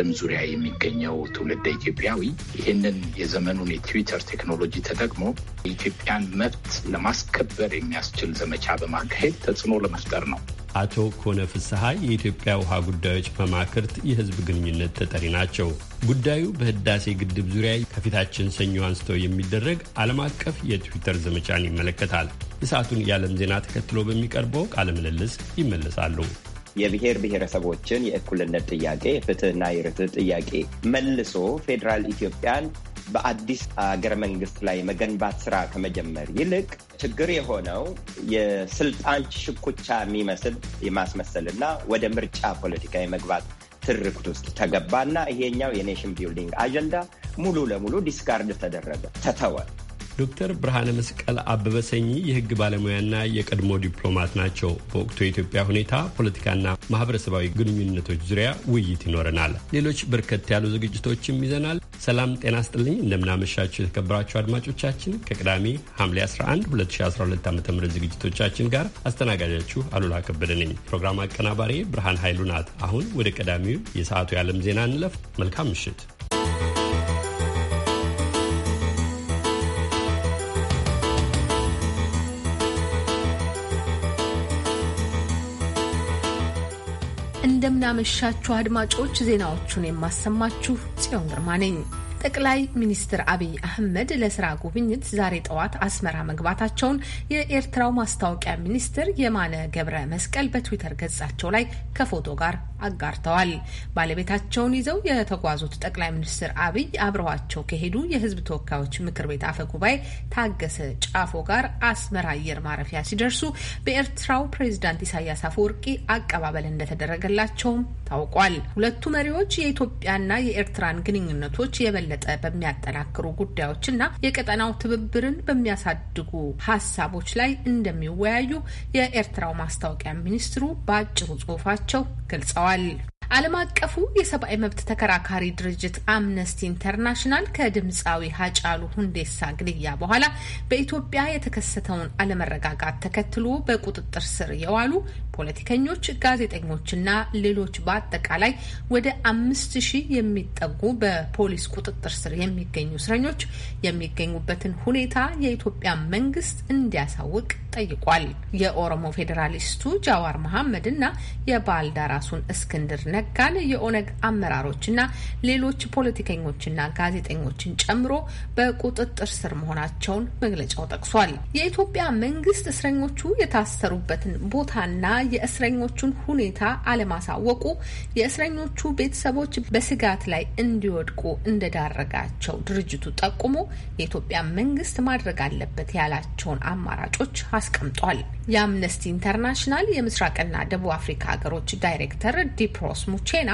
በዓለም ዙሪያ የሚገኘው ትውልደ ኢትዮጵያዊ ይህንን የዘመኑን የትዊተር ቴክኖሎጂ ተጠቅሞ የኢትዮጵያን መብት ለማስከበር የሚያስችል ዘመቻ በማካሄድ ተጽዕኖ ለመፍጠር ነው። አቶ ኮነ ፍስሐ የኢትዮጵያ ውሃ ጉዳዮች መማክርት የሕዝብ ግንኙነት ተጠሪ ናቸው። ጉዳዩ በህዳሴ ግድብ ዙሪያ ከፊታችን ሰኞ አንስተው የሚደረግ ዓለም አቀፍ የትዊተር ዘመቻን ይመለከታል። የሰዓቱን የዓለም ዜና ተከትሎ በሚቀርበው ቃለ ምልልስ ይመለሳሉ። የብሔር ብሔረሰቦችን የእኩልነት ጥያቄ፣ ፍትህና የርትህ ጥያቄ መልሶ ፌዴራል ኢትዮጵያን በአዲስ አገረ መንግስት ላይ መገንባት ስራ ከመጀመር ይልቅ ችግር የሆነው የስልጣን ሽኩቻ የሚመስል የማስመሰልና ወደ ምርጫ ፖለቲካ የመግባት ትርክት ውስጥ ተገባና ይሄኛው የኔሽን ቢልዲንግ አጀንዳ ሙሉ ለሙሉ ዲስካርድ ተደረገ፣ ተተወ። ዶክተር ብርሃነ መስቀል አበበ ሰኚ የህግ ባለሙያና የቀድሞ ዲፕሎማት ናቸው። በወቅቱ የኢትዮጵያ ሁኔታ ፖለቲካና ማህበረሰባዊ ግንኙነቶች ዙሪያ ውይይት ይኖረናል። ሌሎች በርከት ያሉ ዝግጅቶችም ይዘናል። ሰላም ጤና ስጥልኝ። እንደምናመሻችሁ የተከበራችሁ አድማጮቻችን ከቅዳሜ ሐምሌ 11 2012 ዓ ም ዝግጅቶቻችን ጋር አስተናጋጃችሁ አሉላ ከበደ ነኝ። ፕሮግራም አቀናባሪ ብርሃን ኃይሉ ናት። አሁን ወደ ቀዳሚው የሰዓቱ የዓለም ዜና እንለፍ። መልካም ምሽት። እንደምናመሻችሁ አድማጮች፣ ዜናዎቹን የማሰማችሁ ጽዮን ግርማ ነኝ። ጠቅላይ ሚኒስትር አብይ አህመድ ለስራ ጉብኝት ዛሬ ጠዋት አስመራ መግባታቸውን የኤርትራው ማስታወቂያ ሚኒስትር የማነ ገብረ መስቀል በትዊተር ገጻቸው ላይ ከፎቶ ጋር አጋርተዋል። ባለቤታቸውን ይዘው የተጓዙት ጠቅላይ ሚኒስትር አብይ አብረዋቸው ከሄዱ የህዝብ ተወካዮች ምክር ቤት አፈ ጉባኤ ታገሰ ጫፎ ጋር አስመራ አየር ማረፊያ ሲደርሱ በኤርትራው ፕሬዚዳንት ኢሳያስ አፈወርቂ አቀባበል እንደተደረገላቸውም ታውቋል። ሁለቱ መሪዎች የኢትዮጵያና የኤርትራን ግንኙነቶች የበለ የበለጠ በሚያጠናክሩ ጉዳዮች ና የቀጠናው ትብብርን በሚያሳድጉ ሀሳቦች ላይ እንደሚወያዩ የኤርትራው ማስታወቂያ ሚኒስትሩ በአጭሩ ጽሁፋቸው ገልጸዋል። ዓለም አቀፉ የሰብአዊ መብት ተከራካሪ ድርጅት አምነስቲ ኢንተርናሽናል ከድምፃዊ ሀጫሉ ሁንዴሳ ግድያ በኋላ በኢትዮጵያ የተከሰተውን አለመረጋጋት ተከትሎ በቁጥጥር ስር የዋሉ ፖለቲከኞች፣ ጋዜጠኞችና ሌሎች በአጠቃላይ ወደ አምስት ሺህ የሚጠጉ በፖሊስ ቁጥጥር ስር የሚገኙ እስረኞች የሚገኙበትን ሁኔታ የኢትዮጵያ መንግስት እንዲያሳውቅ ጠይቋል። የኦሮሞ ፌዴራሊስቱ ጃዋር መሐመድና የባልደራሱን እስክንድር ነ ነጋን የኦነግ አመራሮችና ሌሎች ፖለቲከኞችና ጋዜጠኞችን ጨምሮ በቁጥጥር ስር መሆናቸውን መግለጫው ጠቅሷል። የኢትዮጵያ መንግስት እስረኞቹ የታሰሩበትን ቦታና የእስረኞቹን ሁኔታ አለማሳወቁ የእስረኞቹ ቤተሰቦች በስጋት ላይ እንዲወድቁ እንደዳረጋቸው ድርጅቱ ጠቁሞ የኢትዮጵያ መንግስት ማድረግ አለበት ያላቸውን አማራጮች አስቀምጧል። የአምነስቲ ኢንተርናሽናል የምስራቅና ደቡብ አፍሪካ ሀገሮች ዳይሬክተር ዲፕሮስ ሙቼና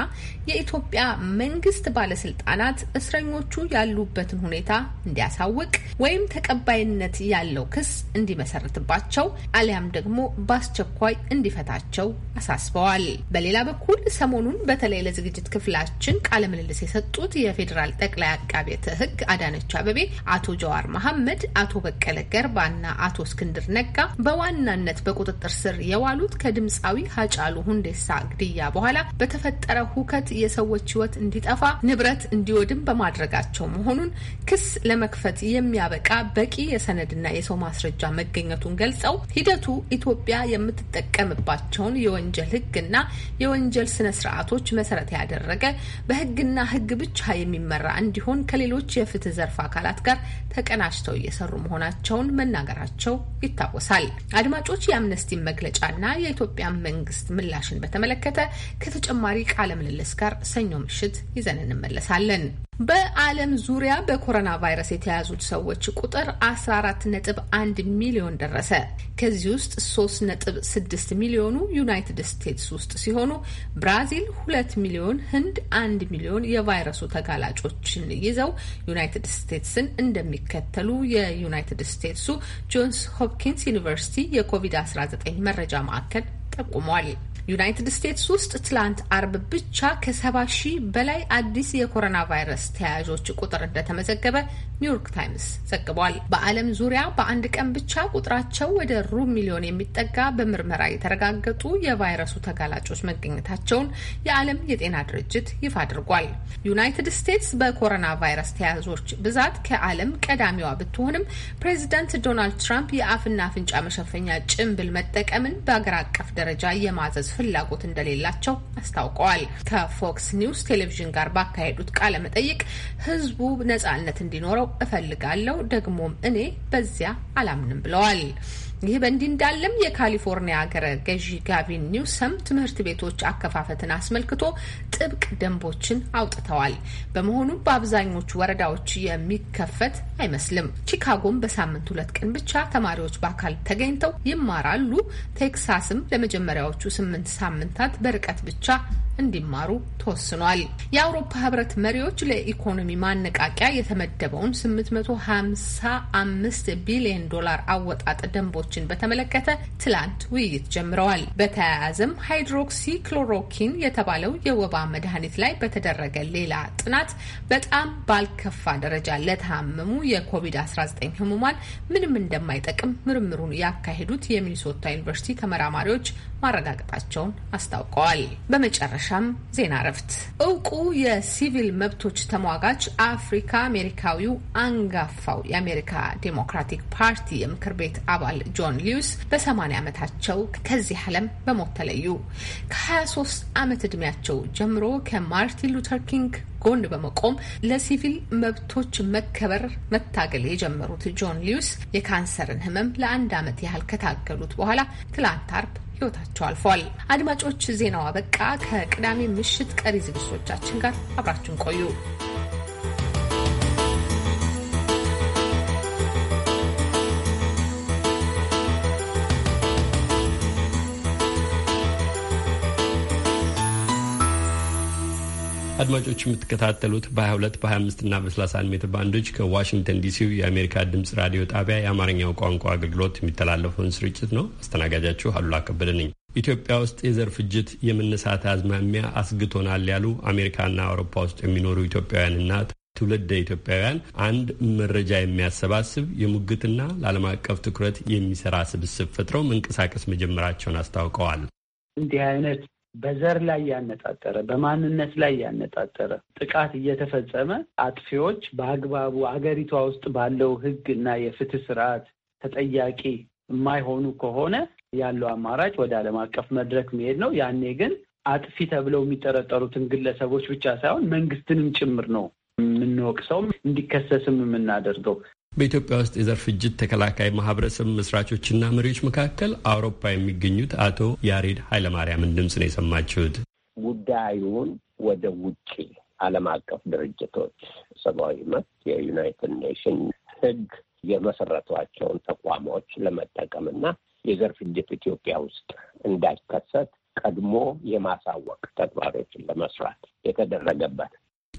የኢትዮጵያ መንግስት ባለስልጣናት እስረኞቹ ያሉበትን ሁኔታ እንዲያሳውቅ ወይም ተቀባይነት ያለው ክስ እንዲመሰርትባቸው አሊያም ደግሞ በአስቸኳይ እንዲፈታቸው አሳስበዋል። በሌላ በኩል ሰሞኑን በተለይ ለዝግጅት ክፍላችን ቃለ ምልልስ የሰጡት የፌዴራል ጠቅላይ አቃቤ ሕግ አዳነች አበቤ አቶ ጀዋር መሐመድ፣ አቶ በቀለ ገርባና አቶ እስክንድር ነጋ በዋና በዋናነት በቁጥጥር ስር የዋሉት ከድምፃዊ ሀጫሉ ሁንዴሳ ግድያ በኋላ በተፈጠረ ሁከት የሰዎች ህይወት እንዲጠፋ ንብረት እንዲወድም በማድረጋቸው መሆኑን ክስ ለመክፈት የሚያበቃ በቂ የሰነድና የሰው ማስረጃ መገኘቱን ገልጸው ሂደቱ ኢትዮጵያ የምትጠቀምባቸውን የወንጀል ሕግና የወንጀል ስነ ስርዓቶች መሰረት ያደረገ በህግና ህግ ብቻ የሚመራ እንዲሆን ከሌሎች የፍትህ ዘርፍ አካላት ጋር ተቀናጅተው እየሰሩ መሆናቸውን መናገራቸው ይታወሳል። አድማጮ አድማጮች የአምነስቲን መግለጫና የኢትዮጵያ መንግስት ምላሽን በተመለከተ ከተጨማሪ ቃለ ምልልስ ጋር ሰኞ ምሽት ይዘን እንመለሳለን። በዓለም ዙሪያ በኮሮና ቫይረስ የተያዙት ሰዎች ቁጥር 14.1 ሚሊዮን ደረሰ። ከዚህ ውስጥ 3.6 ሚሊዮኑ ዩናይትድ ስቴትስ ውስጥ ሲሆኑ ብራዚል 2 ሚሊዮን፣ ህንድ 1 ሚሊዮን የቫይረሱ ተጋላጮችን ይዘው ዩናይትድ ስቴትስን እንደሚከተሉ የዩናይትድ ስቴትሱ ጆንስ ሆፕኪንስ ዩኒቨርሲቲ የኮቪድ-19 መረጃ ማዕከል ጠቁሟል። ዩናይትድ ስቴትስ ውስጥ ትላንት አርብ ብቻ ከ ሺህ በላይ አዲስ የኮሮና ቫይረስ ተያያዦች ቁጥር እንደተመዘገበ ኒውዮርክ ታይምስ ዘግቧል። በዓለም ዙሪያ በአንድ ቀን ብቻ ቁጥራቸው ወደ ሩብ ሚሊዮን የሚጠጋ በምርመራ የተረጋገጡ የቫይረሱ ተጋላጮች መገኘታቸውን የዓለም የጤና ድርጅት ይፋ አድርጓል። ዩናይትድ ስቴትስ በኮሮና ቫይረስ ተያዞች ብዛት ከዓለም ቀዳሚዋ ብትሆንም ፕሬዚዳንት ዶናልድ ትራምፕ የአፍና አፍንጫ መሸፈኛ ጭንብል መጠቀምን በአገር አቀፍ ደረጃ የማዘዝ ፍላጎት እንደሌላቸው አስታውቀዋል። ከፎክስ ኒውስ ቴሌቪዥን ጋር ባካሄዱት ቃለ መጠይቅ ህዝቡ ነጻነት እንዲኖረው እፈልጋለሁ፣ ደግሞም እኔ በዚያ አላምንም ብለዋል። ይህ በእንዲህ እንዳለም የካሊፎርኒያ ሀገረ ገዢ ጋቪን ኒውሰም ትምህርት ቤቶች አከፋፈትን አስመልክቶ ጥብቅ ደንቦችን አውጥተዋል። በመሆኑም በአብዛኞቹ ወረዳዎች የሚከፈት አይመስልም። ቺካጎም በሳምንት ሁለት ቀን ብቻ ተማሪዎች በአካል ተገኝተው ይማራሉ። ቴክሳስም ለመጀመሪያዎቹ ስምንት ሳምንታት በርቀት ብቻ እንዲማሩ ተወስኗል። የአውሮፓ ህብረት መሪዎች ለኢኮኖሚ ማነቃቂያ የተመደበውን 855 ቢሊዮን ዶላር አወጣጥ ደንቦችን በተመለከተ ትላንት ውይይት ጀምረዋል። በተያያዘም ሃይድሮክሲ ክሎሮኪን የተባለው የወባ መድኃኒት ላይ በተደረገ ሌላ ጥናት በጣም ባልከፋ ደረጃ ለታመሙ የኮቪድ-19 ህሙማን ምንም እንደማይጠቅም ምርምሩን ያካሄዱት የሚኒሶታ ዩኒቨርሲቲ ተመራማሪዎች ማረጋገጣቸውን አስታውቀዋል። በመጨረሻ በመጨረሻም ዜና እረፍት። እውቁ የሲቪል መብቶች ተሟጋች አፍሪካ አሜሪካዊው አንጋፋው የአሜሪካ ዴሞክራቲክ ፓርቲ የምክር ቤት አባል ጆን ሊዊስ በሰማኒያ ዓመታቸው ከዚህ ዓለም በሞት ተለዩ። ከ23 ዓመት ዕድሜያቸው ጀምሮ ከማርቲን ሉተር ኪንግ ጎን በመቆም ለሲቪል መብቶች መከበር መታገል የጀመሩት ጆን ሊዩስ የካንሰርን ህመም ለአንድ ዓመት ያህል ከታገሉት በኋላ ትላንት አርብ ሕይወታቸው አልፏል። አድማጮች ዜናዋ በቃ። ከቅዳሜ ምሽት ቀሪ ዝግጅቶቻችን ጋር አብራችን ቆዩ። አድማጮች የምትከታተሉት በ22 በ25 እና በ31 ሜትር ባንዶች ከዋሽንግተን ዲሲው የአሜሪካ ድምፅ ራዲዮ ጣቢያ የአማርኛው ቋንቋ አገልግሎት የሚተላለፈውን ስርጭት ነው። አስተናጋጃችሁ አሉላ ከበደ ነኝ። ኢትዮጵያ ውስጥ የዘር ፍጅት የመነሳት አዝማሚያ አስግቶናል ያሉ አሜሪካና አውሮፓ ውስጥ የሚኖሩ ኢትዮጵያውያንና ትውልደ ኢትዮጵያውያን አንድ መረጃ የሚያሰባስብ የሙግትና ለዓለም አቀፍ ትኩረት የሚሰራ ስብስብ ፈጥረው መንቀሳቀስ መጀመራቸውን አስታውቀዋል። እንዲህ አይነት በዘር ላይ ያነጣጠረ በማንነት ላይ ያነጣጠረ ጥቃት እየተፈጸመ አጥፊዎች በአግባቡ አገሪቷ ውስጥ ባለው ሕግ እና የፍትህ ስርዓት ተጠያቂ የማይሆኑ ከሆነ ያለው አማራጭ ወደ ዓለም አቀፍ መድረክ መሄድ ነው። ያኔ ግን አጥፊ ተብለው የሚጠረጠሩትን ግለሰቦች ብቻ ሳይሆን መንግስትንም ጭምር ነው የምንወቅሰውም እንዲከሰስም የምናደርገው። በኢትዮጵያ ውስጥ የዘር ፍጅት ተከላካይ ማህበረሰብ መስራቾችና መሪዎች መካከል አውሮፓ የሚገኙት አቶ ያሬድ ኃይለማርያምን ድምፅ ነው የሰማችሁት። ጉዳዩን ወደ ውጭ ዓለም አቀፍ ድርጅቶች ሰብአዊ መብት የዩናይትድ ኔሽን ህግ የመሰረቷቸውን ለመጠቀም ለመጠቀምና የዘር ፍጅት ኢትዮጵያ ውስጥ እንዳይከሰት ቀድሞ የማሳወቅ ተግባሮችን ለመስራት የተደረገበት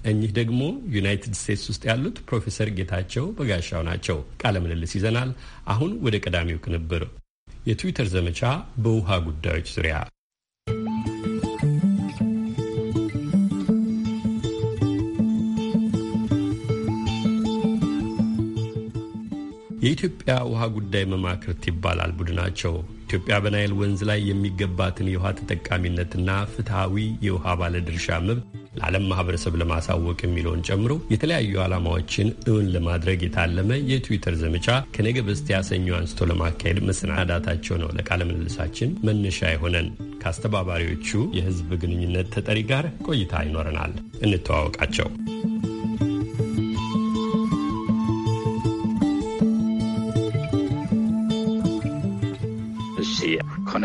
እኚህ ደግሞ ዩናይትድ ስቴትስ ውስጥ ያሉት ፕሮፌሰር ጌታቸው በጋሻው ናቸው። ቃለ ምልልስ ይዘናል። አሁን ወደ ቀዳሚው ቅንብር፣ የትዊተር ዘመቻ በውሃ ጉዳዮች ዙሪያ የኢትዮጵያ ውሃ ጉዳይ መማክርት ይባላል ቡድናቸው ኢትዮጵያ በናይል ወንዝ ላይ የሚገባትን የውሃ ተጠቃሚነትና ፍትሐዊ የውሃ ባለድርሻ መብት ለዓለም ማህበረሰብ ለማሳወቅ የሚለውን ጨምሮ የተለያዩ ዓላማዎችን እውን ለማድረግ የታለመ የትዊተር ዘመቻ ከነገ በስቲያ ሰኞ አንስቶ ለማካሄድ መሰናዳታቸው ነው ለቃለ ምልልሳችን መነሻ የሆነን። ከአስተባባሪዎቹ የህዝብ ግንኙነት ተጠሪ ጋር ቆይታ ይኖረናል። እንተዋወቃቸው።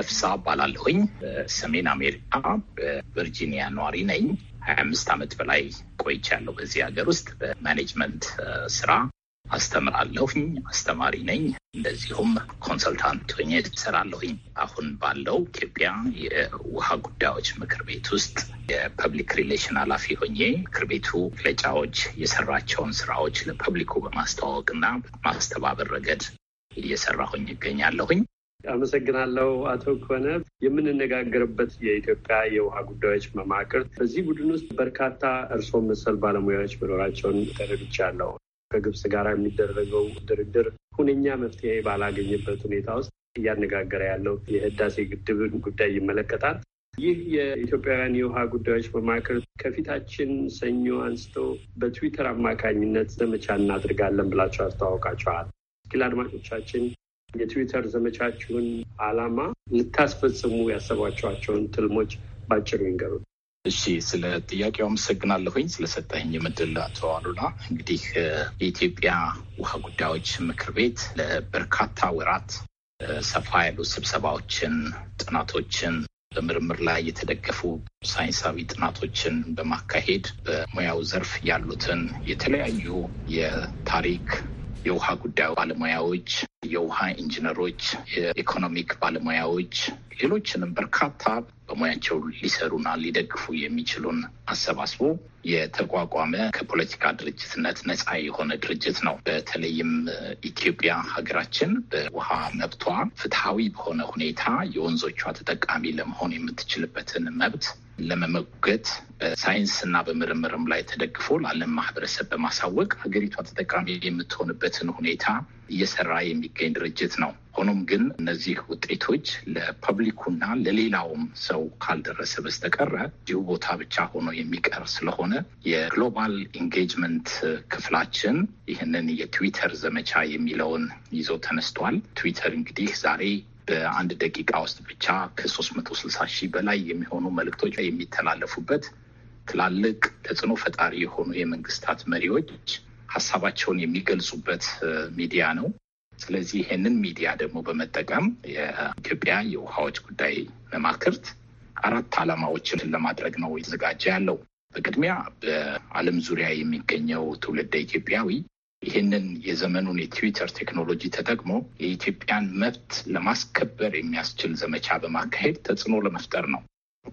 ነፍሳ ባላለሁኝ በሰሜን አሜሪካ በቨርጂኒያ ነዋሪ ነኝ። ሀያ አምስት ዓመት በላይ ቆይቻለሁ በዚህ ሀገር ውስጥ በማኔጅመንት uh, ስራ አስተምራለሁኝ። አስተማሪ ነኝ። እንደዚሁም ኮንሰልታንት ሆኜ ትሰራለሁኝ። አሁን ባለው ኢትዮጵያ የውሃ ጉዳዮች ምክር ቤት ውስጥ የፐብሊክ ሪሌሽን ኃላፊ ሆኜ ምክር ቤቱ መግለጫዎች የሰራቸውን ስራዎች ለፐብሊኩ በማስተዋወቅና ማስተባበር ረገድ እየሰራሁኝ ይገኛለሁኝ። አመሰግናለሁ አቶ ከሆነ የምንነጋገርበት የኢትዮጵያ የውሃ ጉዳዮች መማክርት በዚህ ቡድን ውስጥ በርካታ እርስዎ መሰል ባለሙያዎች መኖራቸውን ተረድቻለሁ። ከግብጽ ጋር የሚደረገው ድርድር ሁነኛ መፍትሄ ባላገኘበት ሁኔታ ውስጥ እያነጋገረ ያለው የህዳሴ ግድብን ጉዳይ ይመለከታል። ይህ የኢትዮጵያውያን የውሃ ጉዳዮች መማክር ከፊታችን ሰኞ አንስቶ በትዊተር አማካኝነት ዘመቻ እናድርጋለን ብላቸው አስተዋውቃቸዋል። እስኪ ለአድማጮቻችን የትዊተር ዘመቻችሁን ዓላማ ልታስፈጽሙ ያሰባችኋቸውን ትልሞች ባጭሩ ይንገሩ። እሺ፣ ስለ ጥያቄው አመሰግናለሁኝ ስለሰጠኝ የምድል አቶ አሉላ። እንግዲህ የኢትዮጵያ ውሃ ጉዳዮች ምክር ቤት ለበርካታ ወራት ሰፋ ያሉ ስብሰባዎችን፣ ጥናቶችን በምርምር ላይ የተደገፉ ሳይንሳዊ ጥናቶችን በማካሄድ በሙያው ዘርፍ ያሉትን የተለያዩ የታሪክ የውሃ ጉዳዩ ባለሙያዎች፣ የውሃ ኢንጂነሮች፣ የኢኮኖሚክ ባለሙያዎች፣ ሌሎችንም በርካታ በሙያቸው ሊሰሩና ሊደግፉ የሚችሉን አሰባስቦ የተቋቋመ ከፖለቲካ ድርጅትነት ነፃ የሆነ ድርጅት ነው። በተለይም ኢትዮጵያ ሀገራችን በውሃ መብቷ ፍትሐዊ በሆነ ሁኔታ የወንዞቿ ተጠቃሚ ለመሆን የምትችልበትን መብት ለመመገት በሳይንስና በምርምርም ላይ ተደግፎ ላለም ማህበረሰብ በማሳወቅ ሀገሪቷ ተጠቃሚ የምትሆንበትን ሁኔታ እየሰራ የሚገኝ ድርጅት ነው። ሆኖም ግን እነዚህ ውጤቶች ለፐብሊኩና ለሌላውም ሰው ካልደረሰ በስተቀረ እዚሁ ቦታ ብቻ ሆኖ የሚቀር ስለሆነ የግሎባል ኢንጌጅመንት ክፍላችን ይህንን የትዊተር ዘመቻ የሚለውን ይዞ ተነስቷል። ትዊተር እንግዲህ ዛሬ በአንድ ደቂቃ ውስጥ ብቻ ከሶስት መቶ ስልሳ ሺህ በላይ የሚሆኑ መልእክቶች የሚተላለፉበት ትላልቅ ተጽዕኖ ፈጣሪ የሆኑ የመንግስታት መሪዎች ሀሳባቸውን የሚገልጹበት ሚዲያ ነው። ስለዚህ ይህንን ሚዲያ ደግሞ በመጠቀም የኢትዮጵያ የውሃዎች ጉዳይ መማክርት አራት ዓላማዎችን ለማድረግ ነው የተዘጋጀ ያለው። በቅድሚያ በዓለም ዙሪያ የሚገኘው ትውልደ ኢትዮጵያዊ ይህንን የዘመኑን የትዊተር ቴክኖሎጂ ተጠቅሞ የኢትዮጵያን መብት ለማስከበር የሚያስችል ዘመቻ በማካሄድ ተጽዕኖ ለመፍጠር ነው።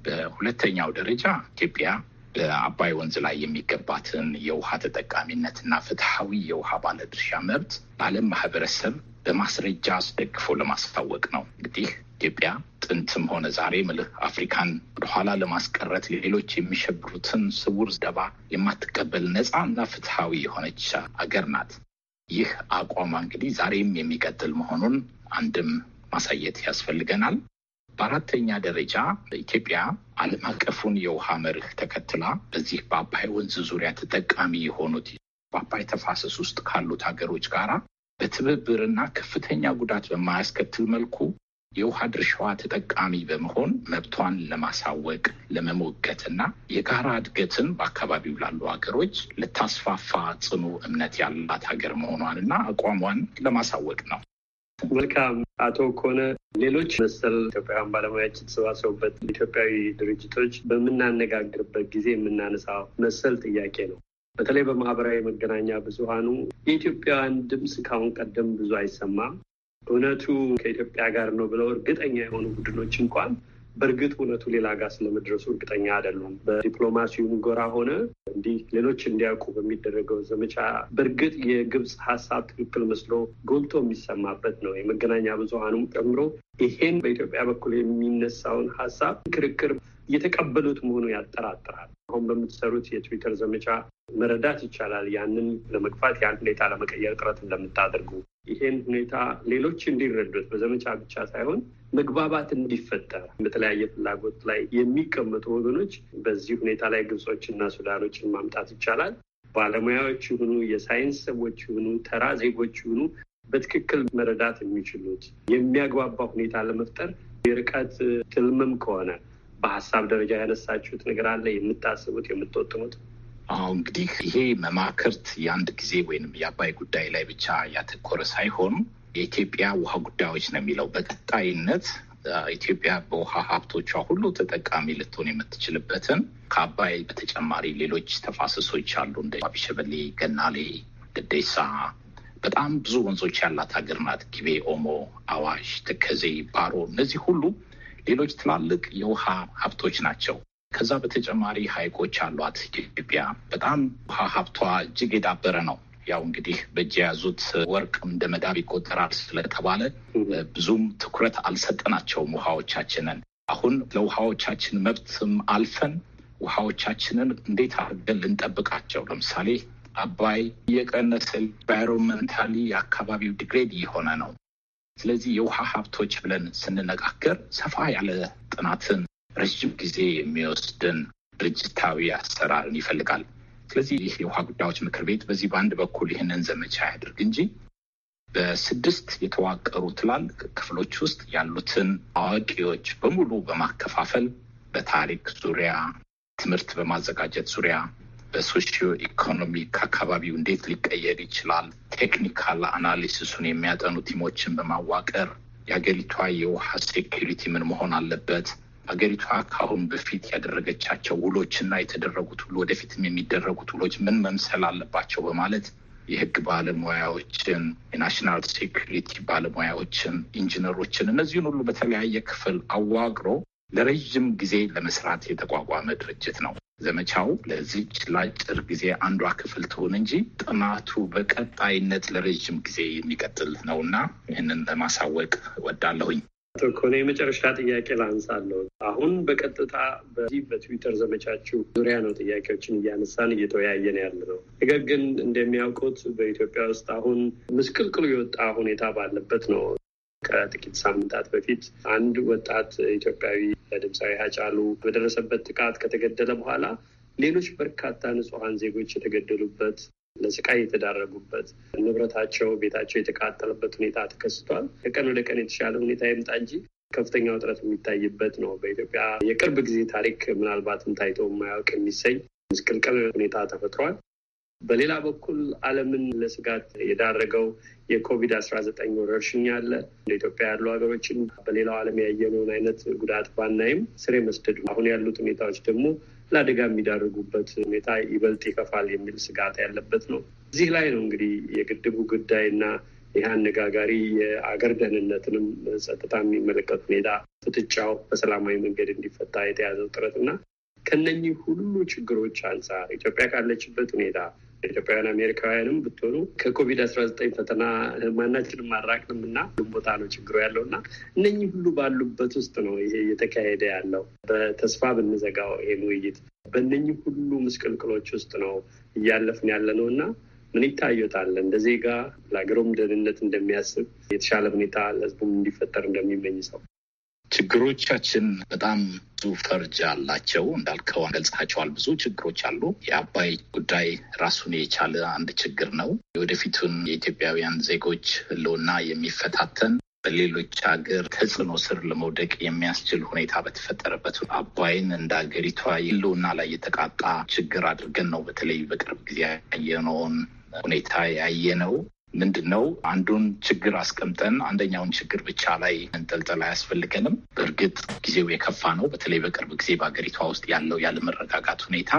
በሁለተኛው ደረጃ ኢትዮጵያ በአባይ ወንዝ ላይ የሚገባትን የውሃ ተጠቃሚነትና ፍትሐዊ የውሃ ባለድርሻ መብት በዓለም ማህበረሰብ በማስረጃ አስደግፎ ለማስታወቅ ነው። እንግዲህ ኢትዮጵያ ጥንትም ሆነ ዛሬ ምልህ አፍሪካን ወደኋላ ለማስቀረት ሌሎች የሚሸብሩትን ስውር ደባ የማትቀበል ነፃ እና ፍትሐዊ የሆነች አገር ናት። ይህ አቋሟ እንግዲህ ዛሬም የሚቀጥል መሆኑን አንድም ማሳየት ያስፈልገናል። በአራተኛ ደረጃ ኢትዮጵያ ዓለም አቀፉን የውሃ መርህ ተከትላ በዚህ በአባይ ወንዝ ዙሪያ ተጠቃሚ የሆኑት በአባይ ተፋሰስ ውስጥ ካሉት ሀገሮች ጋራ በትብብርና ከፍተኛ ጉዳት በማያስከትል መልኩ የውሃ ድርሻዋ ተጠቃሚ በመሆን መብቷን ለማሳወቅ ለመሞገትና የጋራ እድገትን በአካባቢው ላሉ ሀገሮች ልታስፋፋ ጽኑ እምነት ያላት ሀገር መሆኗንና አቋሟን ለማሳወቅ ነው። መልካም አቶ ከሆነ ሌሎች መሰል ኢትዮጵያውያን ባለሙያዎች የተሰባሰቡበት ኢትዮጵያዊ ድርጅቶች በምናነጋግርበት ጊዜ የምናነሳው መሰል ጥያቄ ነው። በተለይ በማህበራዊ መገናኛ ብዙሃኑ የኢትዮጵያውያን ድምፅ ከአሁን ቀደም ብዙ አይሰማም። እውነቱ ከኢትዮጵያ ጋር ነው ብለው እርግጠኛ የሆኑ ቡድኖች እንኳን በእርግጥ እውነቱ ሌላ ጋር ስለመድረሱ እርግጠኛ አይደሉም። በዲፕሎማሲውም ጎራ ሆነ እንዲህ ሌሎች እንዲያውቁ በሚደረገው ዘመቻ በእርግጥ የግብፅ ሀሳብ ትክክል መስሎ ጎልቶ የሚሰማበት ነው። የመገናኛ ብዙሀኑም ጨምሮ ይሄን በኢትዮጵያ በኩል የሚነሳውን ሀሳብ ክርክር እየተቀበሉት መሆኑ ያጠራጥራል። አሁን በምትሰሩት የትዊተር ዘመቻ መረዳት ይቻላል። ያንን ለመግፋት ያን ሁኔታ ለመቀየር ጥረት እንደምታደርጉ ይሄን ሁኔታ ሌሎች እንዲረዱት በዘመቻ ብቻ ሳይሆን መግባባት እንዲፈጠር በተለያየ ፍላጎት ላይ የሚቀመጡ ወገኖች በዚህ ሁኔታ ላይ ግብጾችና ሱዳኖችን ማምጣት ይቻላል። ባለሙያዎች ይሁኑ፣ የሳይንስ ሰዎች ይሁኑ፣ ተራ ዜጎች ይሁኑ በትክክል መረዳት የሚችሉት የሚያግባባ ሁኔታ ለመፍጠር የርቀት ትልምም ከሆነ በሀሳብ ደረጃ ያነሳችሁት ነገር አለ የምታስቡት የምትወጥኑት አሁን እንግዲህ ይሄ መማክርት የአንድ ጊዜ ወይንም የአባይ ጉዳይ ላይ ብቻ ያተኮረ ሳይሆኑ የኢትዮጵያ ውሃ ጉዳዮች ነው የሚለው በቀጣይነት ኢትዮጵያ በውሃ ሀብቶቿ ሁሉ ተጠቃሚ ልትሆን የምትችልበትን ከአባይ በተጨማሪ ሌሎች ተፋሰሶች አሉ እንደ ዋቢሸበሌ፣ ገናሌ፣ ግዴሳ በጣም ብዙ ወንዞች ያላት ሀገር ናት። ጊቤ፣ ኦሞ፣ አዋሽ፣ ተከዜ፣ ባሮ እነዚህ ሁሉ ሌሎች ትላልቅ የውሃ ሀብቶች ናቸው። ከዛ በተጨማሪ ሀይቆች አሏት ኢትዮጵያ። በጣም ውሃ ሀብቷ እጅግ የዳበረ ነው። ያው እንግዲህ በእጅ የያዙት ወርቅ እንደ መዳብ ይቆጠራል ስለተባለ ብዙም ትኩረት አልሰጠናቸውም ውሃዎቻችንን። አሁን ለውሃዎቻችን መብትም አልፈን ውሃዎቻችንን እንዴት አድርገን ልንጠብቃቸው? ለምሳሌ አባይ እየቀነሰ ኤንቫይሮንመንታሊ የአካባቢው ዲግሬድ እየሆነ ነው። ስለዚህ የውሃ ሀብቶች ብለን ስንነጋገር ሰፋ ያለ ጥናትን ረዥም ጊዜ የሚወስድን ድርጅታዊ አሰራርን ይፈልጋል። ስለዚህ ይህ የውሃ ጉዳዮች ምክር ቤት በዚህ በአንድ በኩል ይህንን ዘመቻ ያድርግ እንጂ በስድስት የተዋቀሩ ትላልቅ ክፍሎች ውስጥ ያሉትን አዋቂዎች በሙሉ በማከፋፈል በታሪክ ዙሪያ፣ ትምህርት በማዘጋጀት ዙሪያ፣ በሶሽዮ ኢኮኖሚክ አካባቢው እንዴት ሊቀየር ይችላል፣ ቴክኒካል አናሊሲሱን የሚያጠኑ ቲሞችን በማዋቀር የሀገሪቷ የውሃ ሴኪሪቲ ምን መሆን አለበት ሀገሪቷ ከአሁን በፊት ያደረገቻቸው ውሎች እና የተደረጉት ውሎ ወደፊትም የሚደረጉት ውሎች ምን መምሰል አለባቸው በማለት የህግ ባለሙያዎችን፣ የናሽናል ሴኩሪቲ ባለሙያዎችን፣ ኢንጂነሮችን እነዚህን ሁሉ በተለያየ ክፍል አዋቅሮ ለረዥም ጊዜ ለመስራት የተቋቋመ ድርጅት ነው። ዘመቻው ለዚች ለአጭር ጊዜ አንዷ ክፍል ትሆን እንጂ ጥናቱ በቀጣይነት ለረዥም ጊዜ የሚቀጥል ነው እና ይህንን ለማሳወቅ ወዳለሁኝ። አቶ ኮነ የመጨረሻ ጥያቄ ላንሳለሁ። አሁን በቀጥታ በዚህ በትዊተር ዘመቻችሁ ዙሪያ ነው ጥያቄዎችን እያነሳን እየተወያየን ያለ ነው። ነገር ግን እንደሚያውቁት በኢትዮጵያ ውስጥ አሁን ምስቅልቅሉ የወጣ ሁኔታ ባለበት ነው። ከጥቂት ሳምንታት በፊት አንድ ወጣት ኢትዮጵያዊ ድምፃዊ ሀጫሉ በደረሰበት ጥቃት ከተገደለ በኋላ ሌሎች በርካታ ንጹሐን ዜጎች የተገደሉበት ለስቃይ የተዳረጉበት ንብረታቸው፣ ቤታቸው የተቃጠለበት ሁኔታ ተከስቷል። ከቀን ወደ ቀን የተሻለ ሁኔታ ይምጣ እንጂ ከፍተኛ ውጥረት የሚታይበት ነው። በኢትዮጵያ የቅርብ ጊዜ ታሪክ ምናልባትም ታይቶ የማያውቅ የሚሰኝ ምስቅልቅል ሁኔታ ተፈጥሯል። በሌላ በኩል ዓለምን ለስጋት የዳረገው የኮቪድ አስራ ዘጠኝ ወረርሽኝ አለ። እንደ ኢትዮጵያ ያሉ ሀገሮችን በሌላው ዓለም ያየነውን አይነት ጉዳት ባናይም ስር የመስደዱ አሁን ያሉት ሁኔታዎች ደግሞ ለአደጋ የሚዳርጉበት ሁኔታ ይበልጥ ይከፋል የሚል ስጋት ያለበት ነው። እዚህ ላይ ነው እንግዲህ የግድቡ ጉዳይና ይህ አነጋጋሪ የአገር ደህንነትንም ጸጥታ የሚመለከት ሁኔታ ፍጥጫው በሰላማዊ መንገድ እንዲፈታ የተያዘው ጥረት እና ከነኚህ ሁሉ ችግሮች አንጻር ኢትዮጵያ ካለችበት ሁኔታ ኢትዮጵያውያን አሜሪካውያንም ብትሆኑ ከኮቪድ አስራ ዘጠኝ ፈተና ማናችንም ማራቅንም እና ሁሉም ቦታ ነው ችግሩ ያለው እና እነኚህ ሁሉ ባሉበት ውስጥ ነው ይሄ እየተካሄደ ያለው። በተስፋ ብንዘጋው ይሄን ውይይት በእነኚህ ሁሉ ምስቅልቅሎች ውስጥ ነው እያለፍን ያለ ነው እና ምን ይታየታል? እንደ ዜጋ ለሀገሩም ደህንነት እንደሚያስብ የተሻለ ሁኔታ ለህዝቡም እንዲፈጠር እንደሚመኝ ሰው ችግሮቻችን በጣም ብዙ ፈርጅ አላቸው። እንዳልከው ገልጻቸዋል። ብዙ ችግሮች አሉ። የአባይ ጉዳይ ራሱን የቻለ አንድ ችግር ነው። የወደፊቱን የኢትዮጵያውያን ዜጎች ህልውና የሚፈታተን በሌሎች ሀገር ተጽዕኖ ስር ለመውደቅ የሚያስችል ሁኔታ በተፈጠረበት አባይን እንደ ሀገሪቷ ሕልውና ላይ የተቃጣ ችግር አድርገን ነው በተለይ በቅርብ ጊዜ ያየነውን ሁኔታ ነው። ምንድን ነው አንዱን ችግር አስቀምጠን አንደኛውን ችግር ብቻ ላይ መንጠልጠል አያስፈልገንም። በእርግጥ ጊዜው የከፋ ነው። በተለይ በቅርብ ጊዜ በሀገሪቷ ውስጥ ያለው ያለመረጋጋት ሁኔታ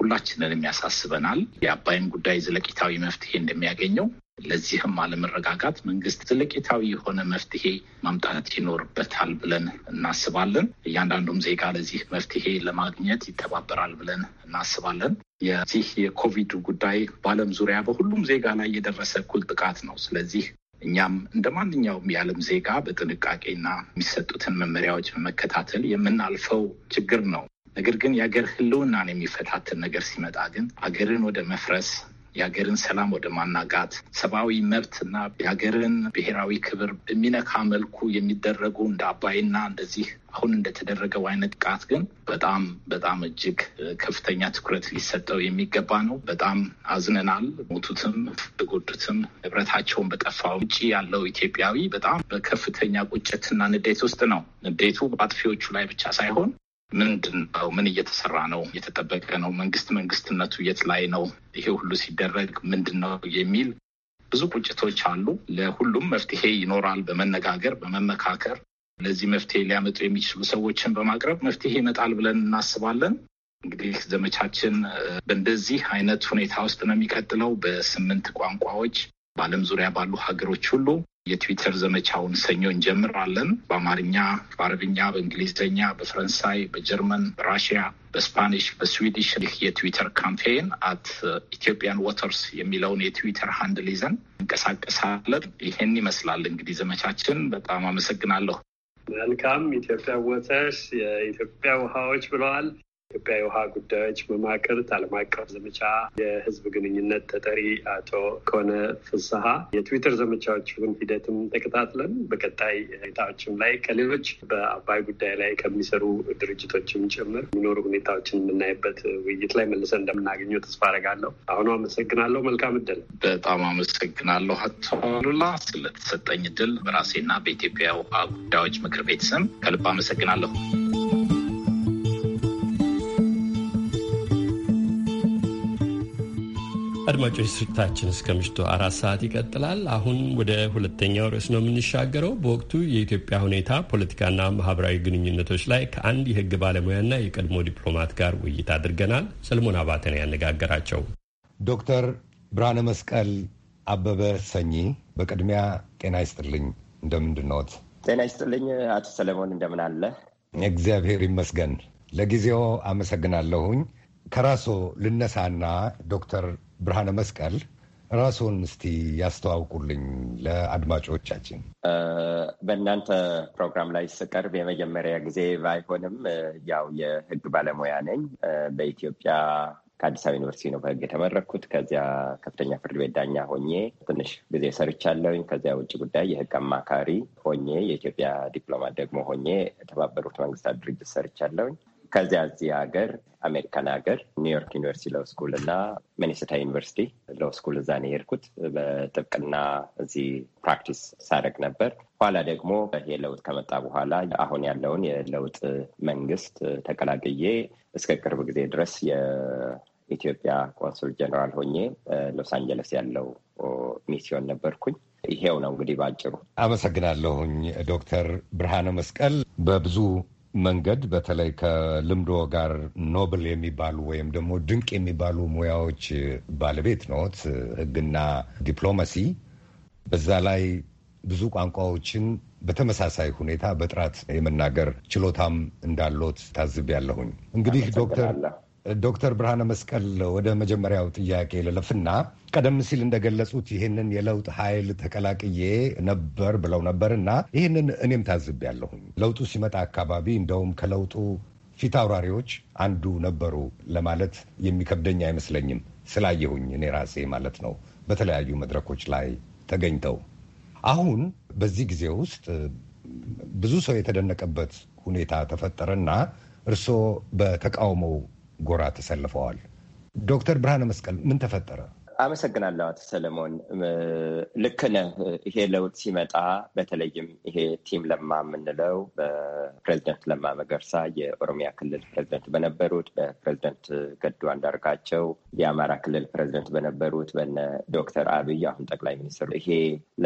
ሁላችንንም ያሳስበናል። የአባይም ጉዳይ ዘለቂታዊ መፍትሄ እንደሚያገኘው ለዚህም አለመረጋጋት መንግስት ዘለቄታዊ የሆነ መፍትሄ ማምጣት ይኖርበታል ብለን እናስባለን። እያንዳንዱም ዜጋ ለዚህ መፍትሄ ለማግኘት ይተባበራል ብለን እናስባለን። የዚህ የኮቪድ ጉዳይ በዓለም ዙሪያ በሁሉም ዜጋ ላይ የደረሰ እኩል ጥቃት ነው። ስለዚህ እኛም እንደ ማንኛውም የዓለም ዜጋ በጥንቃቄና የሚሰጡትን መመሪያዎች በመከታተል የምናልፈው ችግር ነው። ነገር ግን የአገር ህልውናን የሚፈታተን ነገር ሲመጣ ግን አገርን ወደ መፍረስ የሀገርን ሰላም ወደ ማናጋት ሰብአዊ መብት እና የሀገርን ብሔራዊ ክብር በሚነካ መልኩ የሚደረጉ እንደ አባይና እንደዚህ አሁን እንደተደረገው አይነት ጥቃት ግን በጣም በጣም እጅግ ከፍተኛ ትኩረት ሊሰጠው የሚገባ ነው። በጣም አዝነናል። ሞቱትም ተጎዱትም ንብረታቸውን በጠፋ ውጭ ያለው ኢትዮጵያዊ በጣም በከፍተኛ ቁጭትና ንዴት ውስጥ ነው። ንዴቱ በአጥፊዎቹ ላይ ብቻ ሳይሆን ምንድን ነው? ምን እየተሰራ ነው? እየተጠበቀ ነው? መንግስት መንግስትነቱ የት ላይ ነው? ይሄ ሁሉ ሲደረግ ምንድን ነው የሚል ብዙ ቁጭቶች አሉ። ለሁሉም መፍትሄ ይኖራል። በመነጋገር በመመካከር ለዚህ መፍትሄ ሊያመጡ የሚችሉ ሰዎችን በማቅረብ መፍትሄ ይመጣል ብለን እናስባለን። እንግዲህ ዘመቻችን በእንደዚህ አይነት ሁኔታ ውስጥ ነው የሚቀጥለው። በስምንት ቋንቋዎች በዓለም ዙሪያ ባሉ ሀገሮች ሁሉ የትዊተር ዘመቻውን ሰኞ እንጀምራለን። በአማርኛ፣ በአረብኛ፣ በእንግሊዝኛ፣ በፈረንሳይ፣ በጀርመን፣ በራሽያ፣ በስፓኒሽ፣ በስዊዲሽ ይህ የትዊተር ካምፔን አት ኢትዮጵያን ወተርስ የሚለውን የትዊተር ሀንድል ይዘን እንቀሳቀሳለን። ይህን ይመስላል እንግዲህ ዘመቻችን። በጣም አመሰግናለሁ። መልካም ኢትዮጵያ ወተርስ የኢትዮጵያ ውሃዎች ብለዋል። ኢትዮጵያ የውሃ ጉዳዮች መማክርት ዓለም አቀፍ ዘመቻ የህዝብ ግንኙነት ተጠሪ አቶ ከሆነ ፍስሀ የትዊተር ዘመቻዎችን ሂደትም ተከታትለን በቀጣይ ሁኔታዎችም ላይ ከሌሎች በአባይ ጉዳይ ላይ ከሚሰሩ ድርጅቶችም ጭምር የሚኖሩ ሁኔታዎችን የምናይበት ውይይት ላይ መልሰ እንደምናገኘው ተስፋ አረጋለሁ። አሁኑ አመሰግናለሁ። መልካም እድል። በጣም አመሰግናለሁ አቶ ሉላ ስለተሰጠኝ እድል በራሴና በኢትዮጵያ ውሃ ጉዳዮች ምክር ቤት ስም ከልብ አመሰግናለሁ። አድማጮች ስርጭታችን እስከ ምሽቱ አራት ሰዓት ይቀጥላል። አሁን ወደ ሁለተኛው ርዕስ ነው የምንሻገረው። በወቅቱ የኢትዮጵያ ሁኔታ ፖለቲካና ማህበራዊ ግንኙነቶች ላይ ከአንድ የህግ ባለሙያና የቀድሞ ዲፕሎማት ጋር ውይይት አድርገናል። ሰለሞን አባተ ያነጋገራቸው። ዶክተር ብርሃነ መስቀል አበበ ሰኚ፣ በቅድሚያ ጤና ይስጥልኝ። እንደምንድንዎት? ጤና ይስጥልኝ አቶ ሰለሞን፣ እንደምን አለ? እግዚአብሔር ይመስገን። ለጊዜው አመሰግናለሁኝ። ከራሶ ልነሳና ዶክተር ብርሃነ መስቀል ራስዎን እስቲ ያስተዋውቁልኝ ለአድማጮቻችን። በእናንተ ፕሮግራም ላይ ስቀርብ የመጀመሪያ ጊዜ ባይሆንም ያው የሕግ ባለሙያ ነኝ። በኢትዮጵያ ከአዲስ አበባ ዩኒቨርሲቲ ነው በሕግ የተመረኩት። ከዚያ ከፍተኛ ፍርድ ቤት ዳኛ ሆኜ ትንሽ ጊዜ ሰርቻለሁኝ። ከዚያ ውጭ ጉዳይ የሕግ አማካሪ ሆኜ የኢትዮጵያ ዲፕሎማት ደግሞ ሆኜ የተባበሩት መንግስታት ድርጅት ሰርቻለሁኝ። ከዚያ እዚህ ሀገር አሜሪካን ሀገር ኒውዮርክ ዩኒቨርሲቲ ለው ስኩል እና ሚኒስታ ዩኒቨርሲቲ ለው ስኩል እዛ ነው የሄድኩት። በጥብቅና እዚህ ፕራክቲስ ሳደርግ ነበር። ኋላ ደግሞ ይሄ ለውጥ ከመጣ በኋላ አሁን ያለውን የለውጥ መንግስት ተቀላቅዬ እስከ ቅርብ ጊዜ ድረስ የኢትዮጵያ ኮንሱል ጀነራል ሆኜ ሎስ አንጀለስ ያለው ሚስዮን ነበርኩኝ። ይሄው ነው እንግዲህ በአጭሩ። አመሰግናለሁኝ ዶክተር ብርሃነ መስቀል በብዙ መንገድ በተለይ ከልምዶ ጋር ኖብል የሚባሉ ወይም ደግሞ ድንቅ የሚባሉ ሙያዎች ባለቤት ኖት፣ ሕግና ዲፕሎማሲ። በዛ ላይ ብዙ ቋንቋዎችን በተመሳሳይ ሁኔታ በጥራት የመናገር ችሎታም እንዳሎት ታዝብ ያለሁኝ። እንግዲህ ዶክተር ዶክተር ብርሃነ መስቀል ወደ መጀመሪያው ጥያቄ ልለፍና ቀደም ሲል እንደገለጹት ይህንን የለውጥ ኃይል ተቀላቅዬ ነበር ብለው ነበር እና ይህንን እኔም ታዝቤያለሁኝ። ለውጡ ሲመጣ አካባቢ እንደውም ከለውጡ ፊት አውራሪዎች አንዱ ነበሩ ለማለት የሚከብደኝ አይመስለኝም። ስላየሁኝ እኔ ራሴ ማለት ነው በተለያዩ መድረኮች ላይ ተገኝተው አሁን በዚህ ጊዜ ውስጥ ብዙ ሰው የተደነቀበት ሁኔታ ተፈጠረና እርስዎ በተቃውሞው ጎራ ተሰልፈዋል። ዶክተር ብርሃነ መስቀል ምን ተፈጠረ? አመሰግናለሁ አቶ ሰለሞን። ልክ ነህ። ይሄ ለውጥ ሲመጣ በተለይም ይሄ ቲም ለማ የምንለው በፕሬዚደንት ለማ መገርሳ የኦሮሚያ ክልል ፕሬዚደንት በነበሩት በፕሬዚደንት ገዱ አንዳርጋቸው የአማራ ክልል ፕሬዚደንት በነበሩት በነ ዶክተር አብይ አሁን ጠቅላይ ሚኒስትሩ ይሄ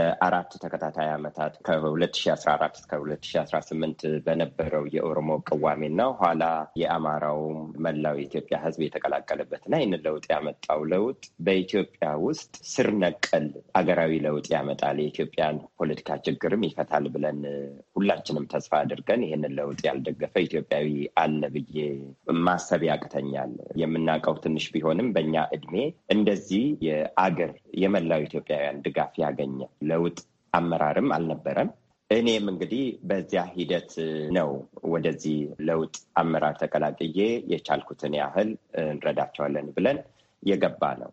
ለአራት ተከታታይ ዓመታት ከ2014 እስከ 2018 በነበረው የኦሮሞ ቅዋሜና ኋላ የአማራው መላው የኢትዮጵያ ሕዝብ የተቀላቀለበትና ይህንን ለውጥ ያመጣው ለውጥ በኢትዮ ኢትዮጵያ ውስጥ ስር ነቀል አገራዊ ለውጥ ያመጣል፣ የኢትዮጵያን ፖለቲካ ችግርም ይፈታል ብለን ሁላችንም ተስፋ አድርገን ይህንን ለውጥ ያልደገፈ ኢትዮጵያዊ አለ ብዬ ማሰብ ያቅተኛል። የምናውቀው ትንሽ ቢሆንም በእኛ እድሜ እንደዚህ የአገር የመላው ኢትዮጵያውያን ድጋፍ ያገኘ ለውጥ አመራርም አልነበረም። እኔም እንግዲህ በዚያ ሂደት ነው ወደዚህ ለውጥ አመራር ተቀላቅዬ የቻልኩትን ያህል እንረዳቸዋለን ብለን የገባ ነው።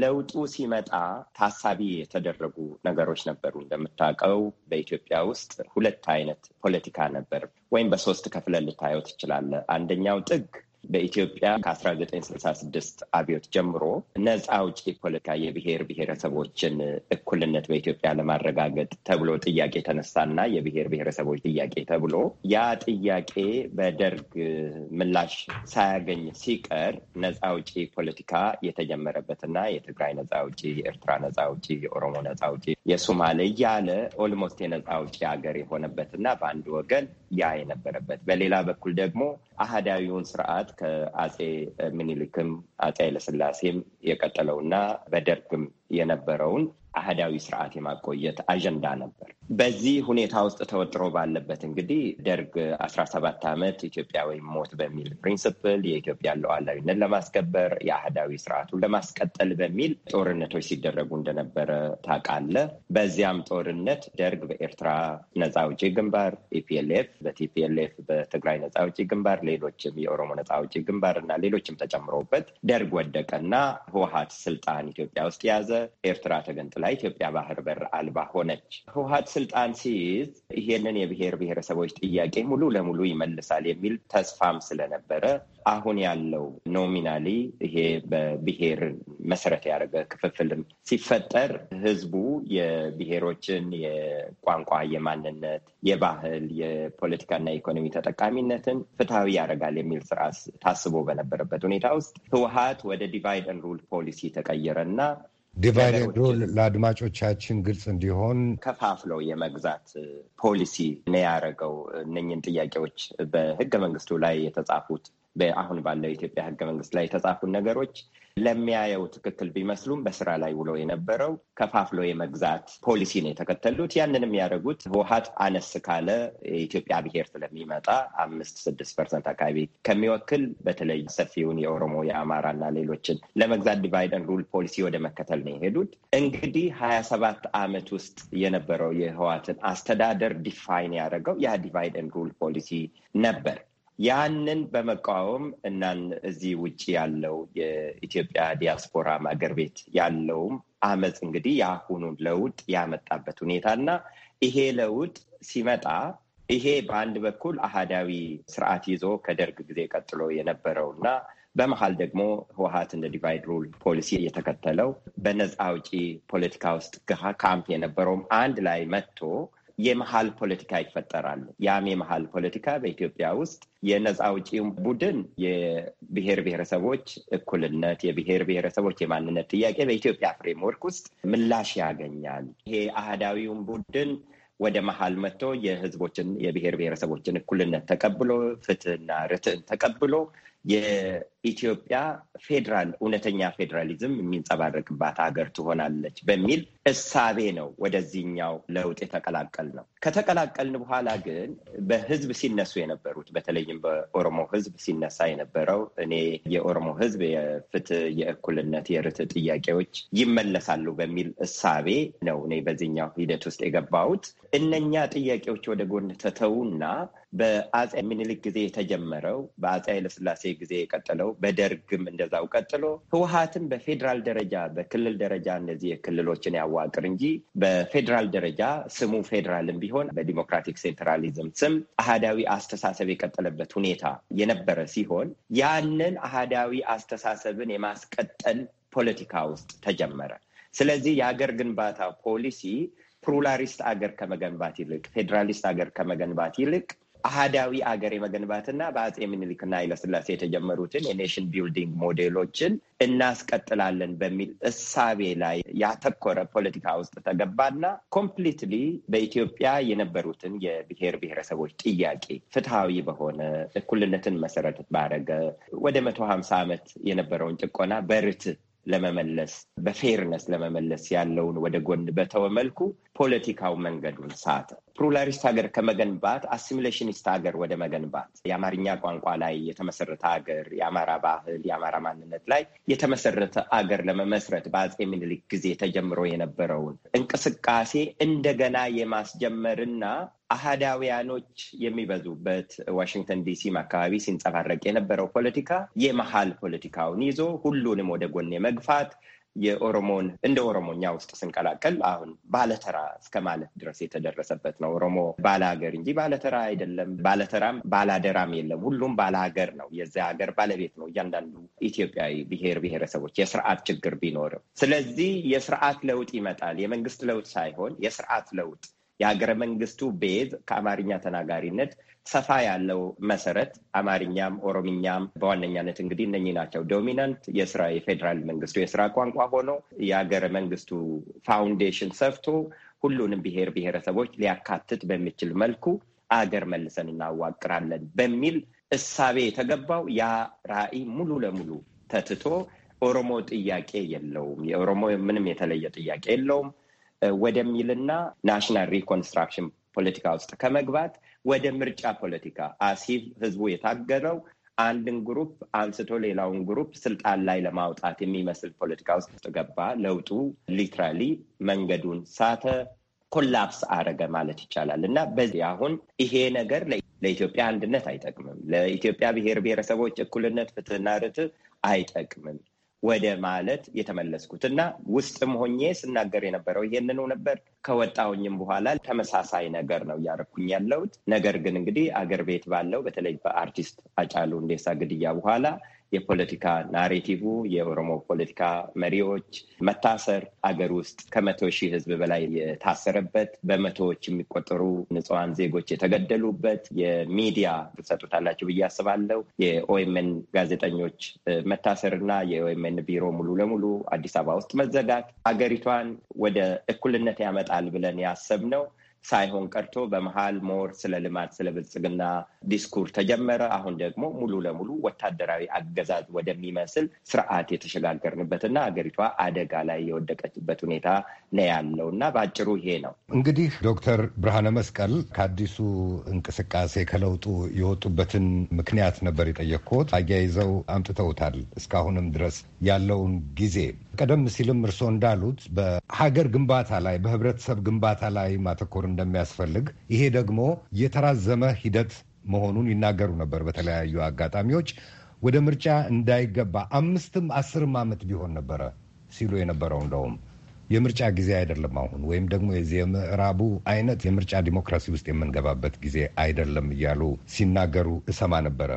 ለውጡ ሲመጣ ታሳቢ የተደረጉ ነገሮች ነበሩ። እንደምታውቀው በኢትዮጵያ ውስጥ ሁለት አይነት ፖለቲካ ነበር፣ ወይም በሶስት ከፍለ ልታየው ትችላለህ። አንደኛው ጥግ በኢትዮጵያ ከ1966 አብዮት ጀምሮ ነፃ አውጪ ፖለቲካ የብሔር ብሔረሰቦችን እኩልነት በኢትዮጵያ ለማረጋገጥ ተብሎ ጥያቄ ተነሳና የብሔር ብሔረሰቦች ጥያቄ ተብሎ ያ ጥያቄ በደርግ ምላሽ ሳያገኝ ሲቀር ነፃ አውጪ ፖለቲካ የተጀመረበትና የትግራይ ነፃ አውጪ፣ የኤርትራ ነፃ አውጪ፣ የኦሮሞ ነፃ አውጪ የሶማሌ እያለ ኦልሞስት የነፃ አውጪ ሀገር የሆነበትና በአንድ ወገን ያ የነበረበት፣ በሌላ በኩል ደግሞ አህዳዊውን ስርዓት ከአጼ ምኒልክም አጼ ኃይለስላሴም የቀጠለውና በደርግም የነበረውን አህዳዊ ስርዓት የማቆየት አጀንዳ ነበር። በዚህ ሁኔታ ውስጥ ተወጥሮ ባለበት እንግዲህ ደርግ አስራ ሰባት ዓመት ኢትዮጵያ ወይም ሞት በሚል ፕሪንስፕል የኢትዮጵያን ሉዓላዊነት ለማስከበር የአህዳዊ ስርዓቱን ለማስቀጠል በሚል ጦርነቶች ሲደረጉ እንደነበረ ታውቃለህ። በዚያም ጦርነት ደርግ በኤርትራ ነፃ አውጪ ግንባር ኢፒኤልኤፍ፣ በቲፒኤልኤፍ በትግራይ ነፃ አውጪ ግንባር፣ ሌሎችም የኦሮሞ ነፃ አውጪ ግንባር እና ሌሎችም ተጨምሮበት ደርግ ወደቀና ህወሀት ስልጣን ኢትዮጵያ ውስጥ ያዘ። ኤርትራ ተገንጥ ላይ ኢትዮጵያ ባህር በር አልባ ሆነች። ህወሀት ስልጣን ሲይዝ ይሄንን የብሔር ብሔረሰቦች ጥያቄ ሙሉ ለሙሉ ይመልሳል የሚል ተስፋም ስለነበረ አሁን ያለው ኖሚናሊ ይሄ በብሔር መሰረት ያደረገ ክፍፍልም ሲፈጠር ህዝቡ የብሔሮችን የቋንቋ፣ የማንነት፣ የባህል፣ የፖለቲካና ኢኮኖሚ ተጠቃሚነትን ፍትሐዊ ያደርጋል የሚል ስራ ታስቦ በነበረበት ሁኔታ ውስጥ ህወሀት ወደ ዲቫይድ ኤንድ ሩል ፖሊሲ እና ዲቫይድ ሩል ለአድማጮቻችን ግልጽ እንዲሆን ከፋፍለው የመግዛት ፖሊሲ ነው ያደረገው። እነኝን ጥያቄዎች በህገ መንግስቱ ላይ የተጻፉት በአሁን ባለው የኢትዮጵያ ህገ መንግስት ላይ የተጻፉን ነገሮች ለሚያየው ትክክል ቢመስሉም በስራ ላይ ውሎ የነበረው ከፋፍሎ የመግዛት ፖሊሲ ነው የተከተሉት ያንንም ያደረጉት ህወሀት አነስ ካለ የኢትዮጵያ ብሔር ስለሚመጣ አምስት ስድስት ፐርሰንት አካባቢ ከሚወክል በተለይ ሰፊውን የኦሮሞ የአማራና ሌሎችን ለመግዛት ዲቫይደን ሩል ፖሊሲ ወደ መከተል ነው የሄዱት። እንግዲህ ሀያ ሰባት አመት ውስጥ የነበረው የህወሀትን አስተዳደር ዲፋይን ያደረገው ያ ዲቫይደን ሩል ፖሊሲ ነበር። ያንን በመቃወም እናን እዚህ ውጭ ያለው የኢትዮጵያ ዲያስፖራ ማገር ቤት ያለውም አመፅ እንግዲህ የአሁኑን ለውጥ ያመጣበት ሁኔታ እና ይሄ ለውጥ ሲመጣ ይሄ በአንድ በኩል አህዳዊ ስርዓት ይዞ ከደርግ ጊዜ ቀጥሎ የነበረው እና በመሀል ደግሞ ህወሀት እንደ ዲቫይድ ሩል ፖሊሲ የተከተለው በነፃ አውጪ ፖለቲካ ውስጥ ካምፕ የነበረውም አንድ ላይ መጥቶ የመሀል ፖለቲካ ይፈጠራል። ያም የመሀል ፖለቲካ በኢትዮጵያ ውስጥ የነፃ አውጪው ቡድን የብሔር ብሔረሰቦች እኩልነት፣ የብሔር ብሔረሰቦች የማንነት ጥያቄ በኢትዮጵያ ፍሬምወርክ ውስጥ ምላሽ ያገኛል። ይሄ አህዳዊውን ቡድን ወደ መሀል መጥቶ የህዝቦችን የብሔር ብሔረሰቦችን እኩልነት ተቀብሎ ፍትህና ርትዕን ተቀብሎ የኢትዮጵያ ፌዴራል እውነተኛ ፌዴራሊዝም የሚንጸባረቅባት ሀገር ትሆናለች በሚል እሳቤ ነው ወደዚህኛው ለውጥ የተቀላቀል ነው። ከተቀላቀልን በኋላ ግን በህዝብ ሲነሱ የነበሩት በተለይም በኦሮሞ ህዝብ ሲነሳ የነበረው እኔ የኦሮሞ ህዝብ የፍትህ፣ የእኩልነት፣ የርት ጥያቄዎች ይመለሳሉ በሚል እሳቤ ነው እኔ በዚህኛው ሂደት ውስጥ የገባሁት። እነኛ ጥያቄዎች ወደ ጎን ተተውና በአጼ ምኒልክ ጊዜ የተጀመረው በአጼ ኃይለስላሴ ጊዜ የቀጠለው በደርግም እንደዛው ቀጥሎ ህወሀትም በፌዴራል ደረጃ በክልል ደረጃ እነዚህ የክልሎችን ያዋቅር እንጂ በፌዴራል ደረጃ ስሙ ፌዴራልም ቢሆን በዲሞክራቲክ ሴንትራሊዝም ስም አህዳዊ አስተሳሰብ የቀጠለበት ሁኔታ የነበረ ሲሆን ያንን አህዳዊ አስተሳሰብን የማስቀጠል ፖለቲካ ውስጥ ተጀመረ። ስለዚህ የሀገር ግንባታ ፖሊሲ ፕሉራሊስት አገር ከመገንባት ይልቅ ፌዴራሊስት አገር ከመገንባት ይልቅ አህዳዊ አገር የመገንባትና በአጼ ምኒልክና ኃይለስላሴ የተጀመሩትን የኔሽን ቢልዲንግ ሞዴሎችን እናስቀጥላለን በሚል እሳቤ ላይ ያተኮረ ፖለቲካ ውስጥ ተገባና ኮምፕሊትሊ በኢትዮጵያ የነበሩትን የብሔር ብሔረሰቦች ጥያቄ ፍትሐዊ በሆነ እኩልነትን መሰረት ባረገ ወደ መቶ ሀምሳ ዓመት የነበረውን ጭቆና በርት ለመመለስ በፌርነስ ለመመለስ ያለውን ወደ ጎን በተወ መልኩ ፖለቲካው መንገዱን ሳተ። ፕሉራሊስት ሀገር ከመገንባት አሲሚሌሽኒስት ሀገር ወደ መገንባት የአማርኛ ቋንቋ ላይ የተመሰረተ ሀገር የአማራ ባህል፣ የአማራ ማንነት ላይ የተመሰረተ ሀገር ለመመስረት በአጼ ምኒልክ ጊዜ ተጀምሮ የነበረውን እንቅስቃሴ እንደገና የማስጀመርና አህዳውያኖች የሚበዙበት ዋሽንግተን ዲሲም አካባቢ ሲንጸባረቅ የነበረው ፖለቲካ የመሀል ፖለቲካውን ይዞ ሁሉንም ወደ ጎን የመግፋት የኦሮሞን እንደ ኦሮሞኛ ውስጥ ስንቀላቀል አሁን ባለተራ እስከ ማለት ድረስ የተደረሰበት ነው። ኦሮሞ ባለሀገር እንጂ ባለተራ አይደለም። ባለተራም ባላደራም የለም። ሁሉም ባለሀገር ነው። የዚያ ሀገር ባለቤት ነው እያንዳንዱ ኢትዮጵያዊ ብሔር ብሔረሰቦች የስርዓት ችግር ቢኖርም። ስለዚህ የስርዓት ለውጥ ይመጣል። የመንግስት ለውጥ ሳይሆን የስርዓት ለውጥ የሀገረ መንግስቱ ቤዝ ከአማርኛ ተናጋሪነት ሰፋ ያለው መሰረት አማርኛም ኦሮምኛም በዋነኛነት እንግዲህ እነኚህ ናቸው ዶሚናንት የስራ የፌዴራል መንግስቱ የስራ ቋንቋ ሆኖ የሀገረ መንግስቱ ፋውንዴሽን ሰፍቶ ሁሉንም ብሔር ብሔረሰቦች ሊያካትት በሚችል መልኩ አገር መልሰን እናዋቅራለን በሚል እሳቤ የተገባው ያ ራዕይ ሙሉ ለሙሉ ተትቶ ኦሮሞ ጥያቄ የለውም። የኦሮሞ ምንም የተለየ ጥያቄ የለውም። ወደሚልና ናሽናል ሪኮንስትራክሽን ፖለቲካ ውስጥ ከመግባት ወደ ምርጫ ፖለቲካ አሲብ ህዝቡ የታገለው አንድን ግሩፕ አንስቶ ሌላውን ግሩፕ ስልጣን ላይ ለማውጣት የሚመስል ፖለቲካ ውስጥ ገባ። ለውጡ ሊትራሊ መንገዱን ሳተ፣ ኮላፕስ አረገ ማለት ይቻላል። እና በዚህ አሁን ይሄ ነገር ለኢትዮጵያ አንድነት አይጠቅምም። ለኢትዮጵያ ብሔር ብሔረሰቦች እኩልነት፣ ፍትህና ርትዕ አይጠቅምም። ወደ ማለት የተመለስኩት እና ውስጥም ሆኜ ስናገር የነበረው ይሄንኑ ነበር። ከወጣሁኝም በኋላ ተመሳሳይ ነገር ነው እያደረኩኝ ያለሁት። ነገር ግን እንግዲህ አገር ቤት ባለው በተለይ በአርቲስት አጫሉ እንዴሳ ግድያ በኋላ የፖለቲካ ናሬቲቭ የኦሮሞ ፖለቲካ መሪዎች መታሰር አገር ውስጥ ከመቶ ሺህ ህዝብ በላይ የታሰረበት በመቶዎች የሚቆጠሩ ንጹሐን ዜጎች የተገደሉበት የሚዲያ ሰጡታላቸው ብዬ አስባለሁ። የኦኤምን ጋዜጠኞች መታሰርና የኦኤምን ቢሮ ሙሉ ለሙሉ አዲስ አበባ ውስጥ መዘጋት አገሪቷን ወደ እኩልነት ያመጣል ብለን ያሰብነው ሳይሆን ቀርቶ በመሀል ሞር ስለ ልማት ስለ ብልጽግና ዲስኩር ተጀመረ። አሁን ደግሞ ሙሉ ለሙሉ ወታደራዊ አገዛዝ ወደሚመስል ስርዓት የተሸጋገርንበትና አገሪቷ አደጋ ላይ የወደቀችበት ሁኔታ ነው ያለው እና በአጭሩ ይሄ ነው እንግዲህ ዶክተር ብርሃነ መስቀል ከአዲሱ እንቅስቃሴ ከለውጡ የወጡበትን ምክንያት ነበር የጠየቅኩት። አያይዘው አምጥተውታል። እስካሁንም ድረስ ያለውን ጊዜ ቀደም ሲልም እርስዎ እንዳሉት በሀገር ግንባታ ላይ በህብረተሰብ ግንባታ ላይ ማተኮር እንደሚያስፈልግ ይሄ ደግሞ የተራዘመ ሂደት መሆኑን ይናገሩ ነበር። በተለያዩ አጋጣሚዎች ወደ ምርጫ እንዳይገባ አምስትም አስርም ዓመት ቢሆን ነበረ ሲሉ የነበረው እንደውም የምርጫ ጊዜ አይደለም አሁን፣ ወይም ደግሞ የዚህ የምዕራቡ አይነት የምርጫ ዲሞክራሲ ውስጥ የምንገባበት ጊዜ አይደለም እያሉ ሲናገሩ እሰማ ነበረ።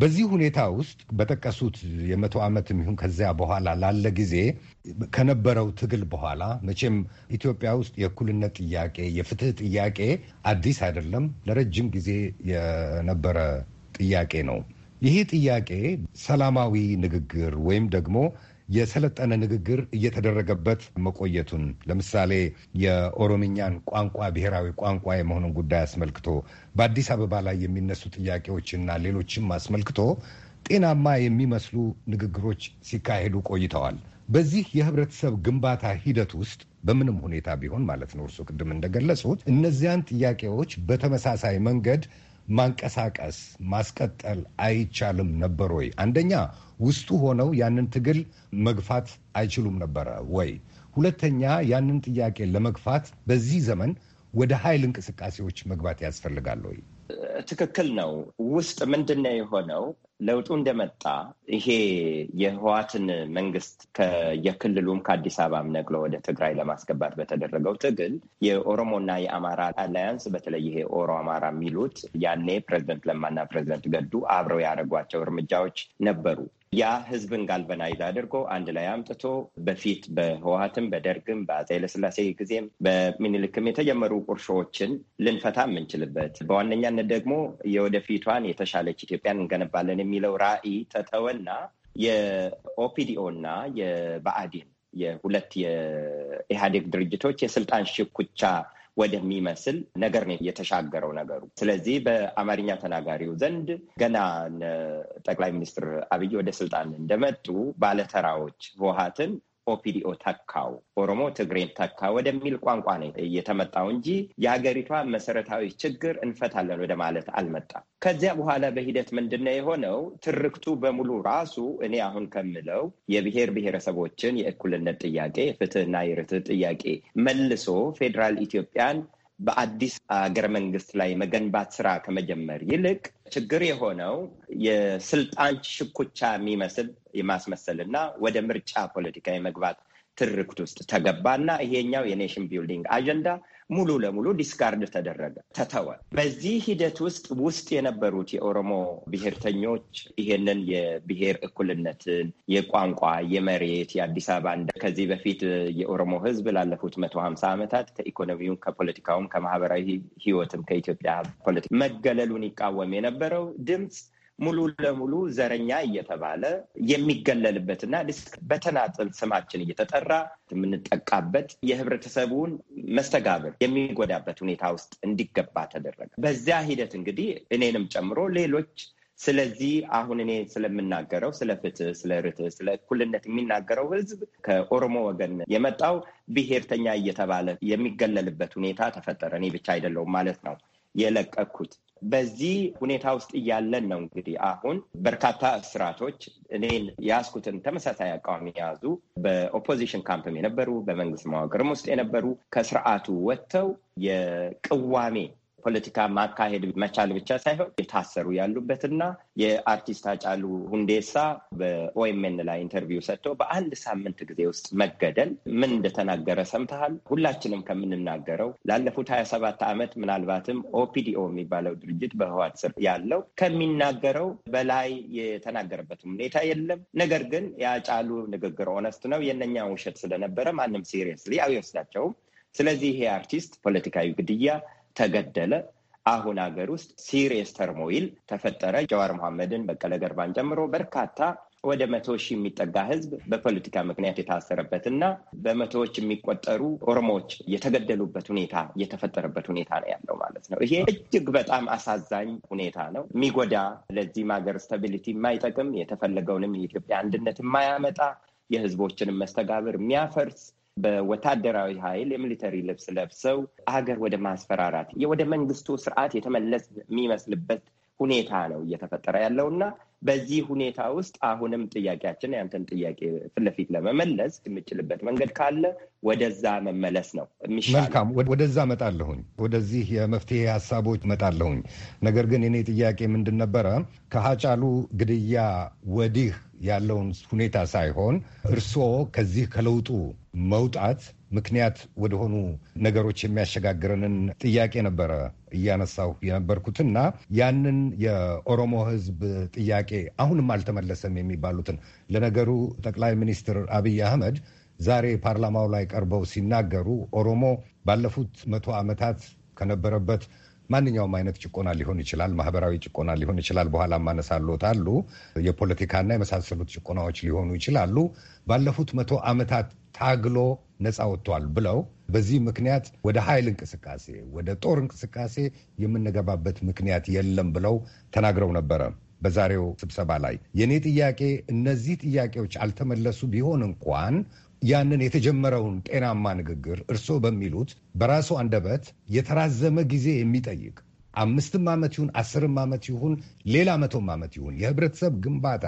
በዚህ ሁኔታ ውስጥ በጠቀሱት የመቶ ዓመት ይሁን ከዚያ በኋላ ላለ ጊዜ ከነበረው ትግል በኋላ መቼም ኢትዮጵያ ውስጥ የእኩልነት ጥያቄ፣ የፍትህ ጥያቄ አዲስ አይደለም፣ ለረጅም ጊዜ የነበረ ጥያቄ ነው። ይህ ጥያቄ ሰላማዊ ንግግር ወይም ደግሞ የሰለጠነ ንግግር እየተደረገበት መቆየቱን ለምሳሌ የኦሮምኛን ቋንቋ ብሔራዊ ቋንቋ የመሆኑን ጉዳይ አስመልክቶ በአዲስ አበባ ላይ የሚነሱ ጥያቄዎችና ሌሎችም አስመልክቶ ጤናማ የሚመስሉ ንግግሮች ሲካሄዱ ቆይተዋል። በዚህ የህብረተሰብ ግንባታ ሂደት ውስጥ በምንም ሁኔታ ቢሆን ማለት ነው እርሱ ቅድም እንደገለጹት እነዚያን ጥያቄዎች በተመሳሳይ መንገድ ማንቀሳቀስ ማስቀጠል አይቻልም ነበር ወይ? አንደኛ ውስጡ ሆነው ያንን ትግል መግፋት አይችሉም ነበረ ወይ? ሁለተኛ ያንን ጥያቄ ለመግፋት በዚህ ዘመን ወደ ኃይል እንቅስቃሴዎች መግባት ያስፈልጋል ወይ? ትክክል ነው። ውስጥ ምንድን ነው የሆነው? ለውጡ እንደመጣ ይሄ የህዋትን መንግስት ከየክልሉም ከአዲስ አበባም ነቅሎ ወደ ትግራይ ለማስገባት በተደረገው ትግል የኦሮሞና የአማራ አላያንስ በተለይ ይሄ ኦሮ አማራ የሚሉት ያኔ ፕሬዚደንት ለማና ፕሬዚደንት ገዱ አብረው ያደረጓቸው እርምጃዎች ነበሩ። ያ ህዝብን ጋልበናይዝ አድርጎ አንድ ላይ አምጥቶ በፊት በህወሀትም በደርግም በአፄ ኃይለሥላሴ ጊዜም በሚኒልክም የተጀመሩ ቁርሾዎችን ልንፈታ የምንችልበት በዋነኛነት ደግሞ የወደፊቷን የተሻለች ኢትዮጵያን እንገነባለን የሚለው ራዕይ ተተወና የኦፒዲኦ እና የበአዲን የሁለት የኢህአዴግ ድርጅቶች የስልጣን ሽኩቻ ወደሚመስል ነገር ነው የተሻገረው ነገሩ። ስለዚህ በአማርኛ ተናጋሪው ዘንድ ገና ጠቅላይ ሚኒስትር አብይ ወደ ስልጣን እንደመጡ ባለተራዎች ህወሀትን ኦፒዲኦ ተካው ኦሮሞ ትግሬን ተካ ወደሚል ቋንቋ ነው የተመጣው እንጂ የሀገሪቷ መሰረታዊ ችግር እንፈታለን ወደ ማለት አልመጣም። ከዚያ በኋላ በሂደት ምንድነው የሆነው? ትርክቱ በሙሉ ራሱ እኔ አሁን ከምለው የብሔር ብሔረሰቦችን የእኩልነት ጥያቄ፣ የፍትህና የርትህ ጥያቄ መልሶ ፌዴራል ኢትዮጵያን በአዲስ አገረ መንግስት ላይ መገንባት ስራ ከመጀመር ይልቅ ችግር የሆነው የስልጣን ሽኩቻ የሚመስል የማስመሰልና ወደ ምርጫ ፖለቲካ የመግባት ትርክት ውስጥ ተገባ እና ይሄኛው የኔሽን ቢልዲንግ አጀንዳ ሙሉ ለሙሉ ዲስካርድ ተደረገ፣ ተተወ። በዚህ ሂደት ውስጥ ውስጥ የነበሩት የኦሮሞ ብሔርተኞች ይሄንን የብሔር እኩልነትን፣ የቋንቋ፣ የመሬት የአዲስ አበባ ከዚህ በፊት የኦሮሞ ሕዝብ ላለፉት መቶ ሀምሳ ዓመታት ከኢኮኖሚውም፣ ከፖለቲካውም፣ ከማህበራዊ ህይወትም ከኢትዮጵያ ፖለቲካ መገለሉን ይቃወም የነበረው ድምፅ ሙሉ ለሙሉ ዘረኛ እየተባለ የሚገለልበትና ዲስክ በተናጥል ስማችን እየተጠራ የምንጠቃበት የህብረተሰቡን መስተጋብር የሚጎዳበት ሁኔታ ውስጥ እንዲገባ ተደረገ። በዚያ ሂደት እንግዲህ እኔንም ጨምሮ ሌሎች ስለዚህ አሁን እኔ ስለምናገረው ስለ ፍትህ፣ ስለ ርትህ፣ ስለ እኩልነት የሚናገረው ህዝብ ከኦሮሞ ወገን የመጣው ብሔርተኛ እየተባለ የሚገለልበት ሁኔታ ተፈጠረ። እኔ ብቻ አይደለውም ማለት ነው የለቀኩት በዚህ ሁኔታ ውስጥ እያለን ነው እንግዲህ አሁን በርካታ እስራቶች እኔን የያዝኩትን ተመሳሳይ አቋም የያዙ በኦፖዚሽን ካምፕም የነበሩ በመንግስት መዋቅርም ውስጥ የነበሩ ከስርዓቱ ወጥተው የቅዋሜ ፖለቲካ ማካሄድ መቻል ብቻ ሳይሆን የታሰሩ ያሉበትና የአርቲስት አጫሉ ሁንዴሳ በኦኤምኤን ላይ ኢንተርቪው ሰጥተው በአንድ ሳምንት ጊዜ ውስጥ መገደል ምን እንደተናገረ ሰምተሃል። ሁላችንም ከምንናገረው ላለፉት ሀያ ሰባት ዓመት ምናልባትም ኦፒዲኦ የሚባለው ድርጅት በህዋት ስር ያለው ከሚናገረው በላይ የተናገረበትም ሁኔታ የለም። ነገር ግን የአጫሉ ንግግር ኦነስት ነው። የእነኛ ውሸት ስለነበረ ማንም ሲሪየስ አይወስዳቸውም። ስለዚህ ይሄ አርቲስት ፖለቲካዊ ግድያ ተገደለ። አሁን ሀገር ውስጥ ሲሪየስ ተርሞይል ተፈጠረ። ጀዋር መሐመድን፣ በቀለ ገርባን ጨምሮ በርካታ ወደ መቶ ሺህ የሚጠጋ ህዝብ በፖለቲካ ምክንያት የታሰረበት እና በመቶዎች የሚቆጠሩ ኦሮሞዎች የተገደሉበት ሁኔታ የተፈጠረበት ሁኔታ ነው ያለው ማለት ነው። ይሄ እጅግ በጣም አሳዛኝ ሁኔታ ነው፣ የሚጎዳ ለዚህም ሀገር ስታቢሊቲ የማይጠቅም የተፈለገውንም የኢትዮጵያ አንድነት የማያመጣ የህዝቦችንም መስተጋብር የሚያፈርስ በወታደራዊ ኃይል የሚሊተሪ ልብስ ለብሰው ሀገር ወደ ማስፈራራት ወደ መንግስቱ ስርዓት የተመለስ የሚመስልበት ሁኔታ ነው እየተፈጠረ ያለው እና በዚህ ሁኔታ ውስጥ አሁንም ጥያቄያችን ያንተን ጥያቄ ፊት ለፊት ለመመለስ የምችልበት መንገድ ካለ ወደዛ መመለስ ነው መልካም ወደዛ መጣለሁኝ፣ ወደዚህ የመፍትሄ ሀሳቦች መጣለሁኝ። ነገር ግን እኔ ጥያቄ ምንድን ነበረ ከሀጫሉ ግድያ ወዲህ ያለውን ሁኔታ ሳይሆን እርስዎ ከዚህ ከለውጡ መውጣት ምክንያት ወደሆኑ ነገሮች የሚያሸጋግረንን ጥያቄ ነበረ እያነሳሁ የነበርኩትና ያንን የኦሮሞ ሕዝብ ጥያቄ አሁንም አልተመለሰም የሚባሉትን ለነገሩ ጠቅላይ ሚኒስትር አብይ አህመድ ዛሬ ፓርላማው ላይ ቀርበው ሲናገሩ ኦሮሞ ባለፉት መቶ ዓመታት ከነበረበት ማንኛውም አይነት ጭቆና ሊሆን ይችላል፣ ማህበራዊ ጭቆና ሊሆን ይችላል። በኋላ ማነሳሎት አሉ የፖለቲካና የመሳሰሉት ጭቆናዎች ሊሆኑ ይችላሉ። ባለፉት መቶ ዓመታት ታግሎ ነፃ ወጥቷል ብለው በዚህ ምክንያት ወደ ኃይል እንቅስቃሴ ወደ ጦር እንቅስቃሴ የምንገባበት ምክንያት የለም ብለው ተናግረው ነበረ በዛሬው ስብሰባ ላይ። የእኔ ጥያቄ እነዚህ ጥያቄዎች አልተመለሱ ቢሆን እንኳን ያንን የተጀመረውን ጤናማ ንግግር እርስዎ በሚሉት በራሱ አንደበት የተራዘመ ጊዜ የሚጠይቅ አምስትም ዓመት ይሁን አስርም ዓመት ይሁን ሌላ መቶም ዓመት ይሁን የህብረተሰብ ግንባታ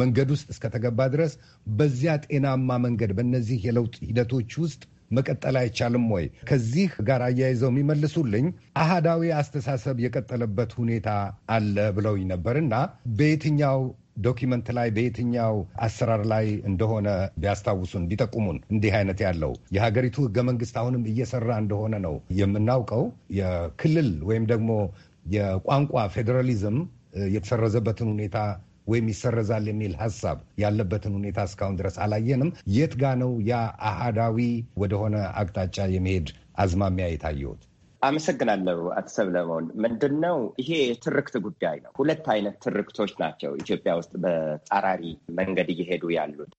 መንገድ ውስጥ እስከተገባ ድረስ በዚያ ጤናማ መንገድ በእነዚህ የለውጥ ሂደቶች ውስጥ መቀጠል አይቻልም ወይ? ከዚህ ጋር አያይዘው የሚመልሱልኝ አሃዳዊ አስተሳሰብ የቀጠለበት ሁኔታ አለ ብለውኝ ነበርና በየትኛው ዶኪመንት ላይ በየትኛው አሰራር ላይ እንደሆነ ቢያስታውሱን ቢጠቁሙን። እንዲህ አይነት ያለው የሀገሪቱ ህገ መንግስት አሁንም እየሰራ እንደሆነ ነው የምናውቀው። የክልል ወይም ደግሞ የቋንቋ ፌዴራሊዝም የተሰረዘበትን ሁኔታ ወይም ይሰረዛል የሚል ሀሳብ ያለበትን ሁኔታ እስካሁን ድረስ አላየንም። የት ጋ ነው ያ አሃዳዊ ወደሆነ አቅጣጫ የመሄድ አዝማሚያ የታየሁት? አመሰግናለሁ አቶ ሰብለሞን። ነው ይሄ የትርክት ጉዳይ ነው። ሁለት አይነት ትርክቶች ናቸው ኢትዮጵያ ውስጥ በጣራሪ መንገድ እየሄዱ ያሉት።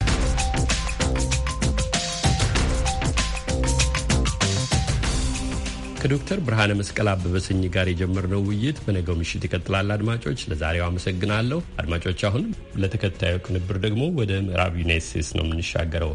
ከዶክተር ብርሃነ መስቀል አበበ ስኝ ጋር የጀመርነው ውይይት በነገው ምሽት ይቀጥላል። አድማጮች ለዛሬው አመሰግናለሁ። አድማጮች አሁን ለተከታዩ ቅንብር ደግሞ ወደ ምዕራብ ዩናይት ስቴትስ ነው የምንሻገረው።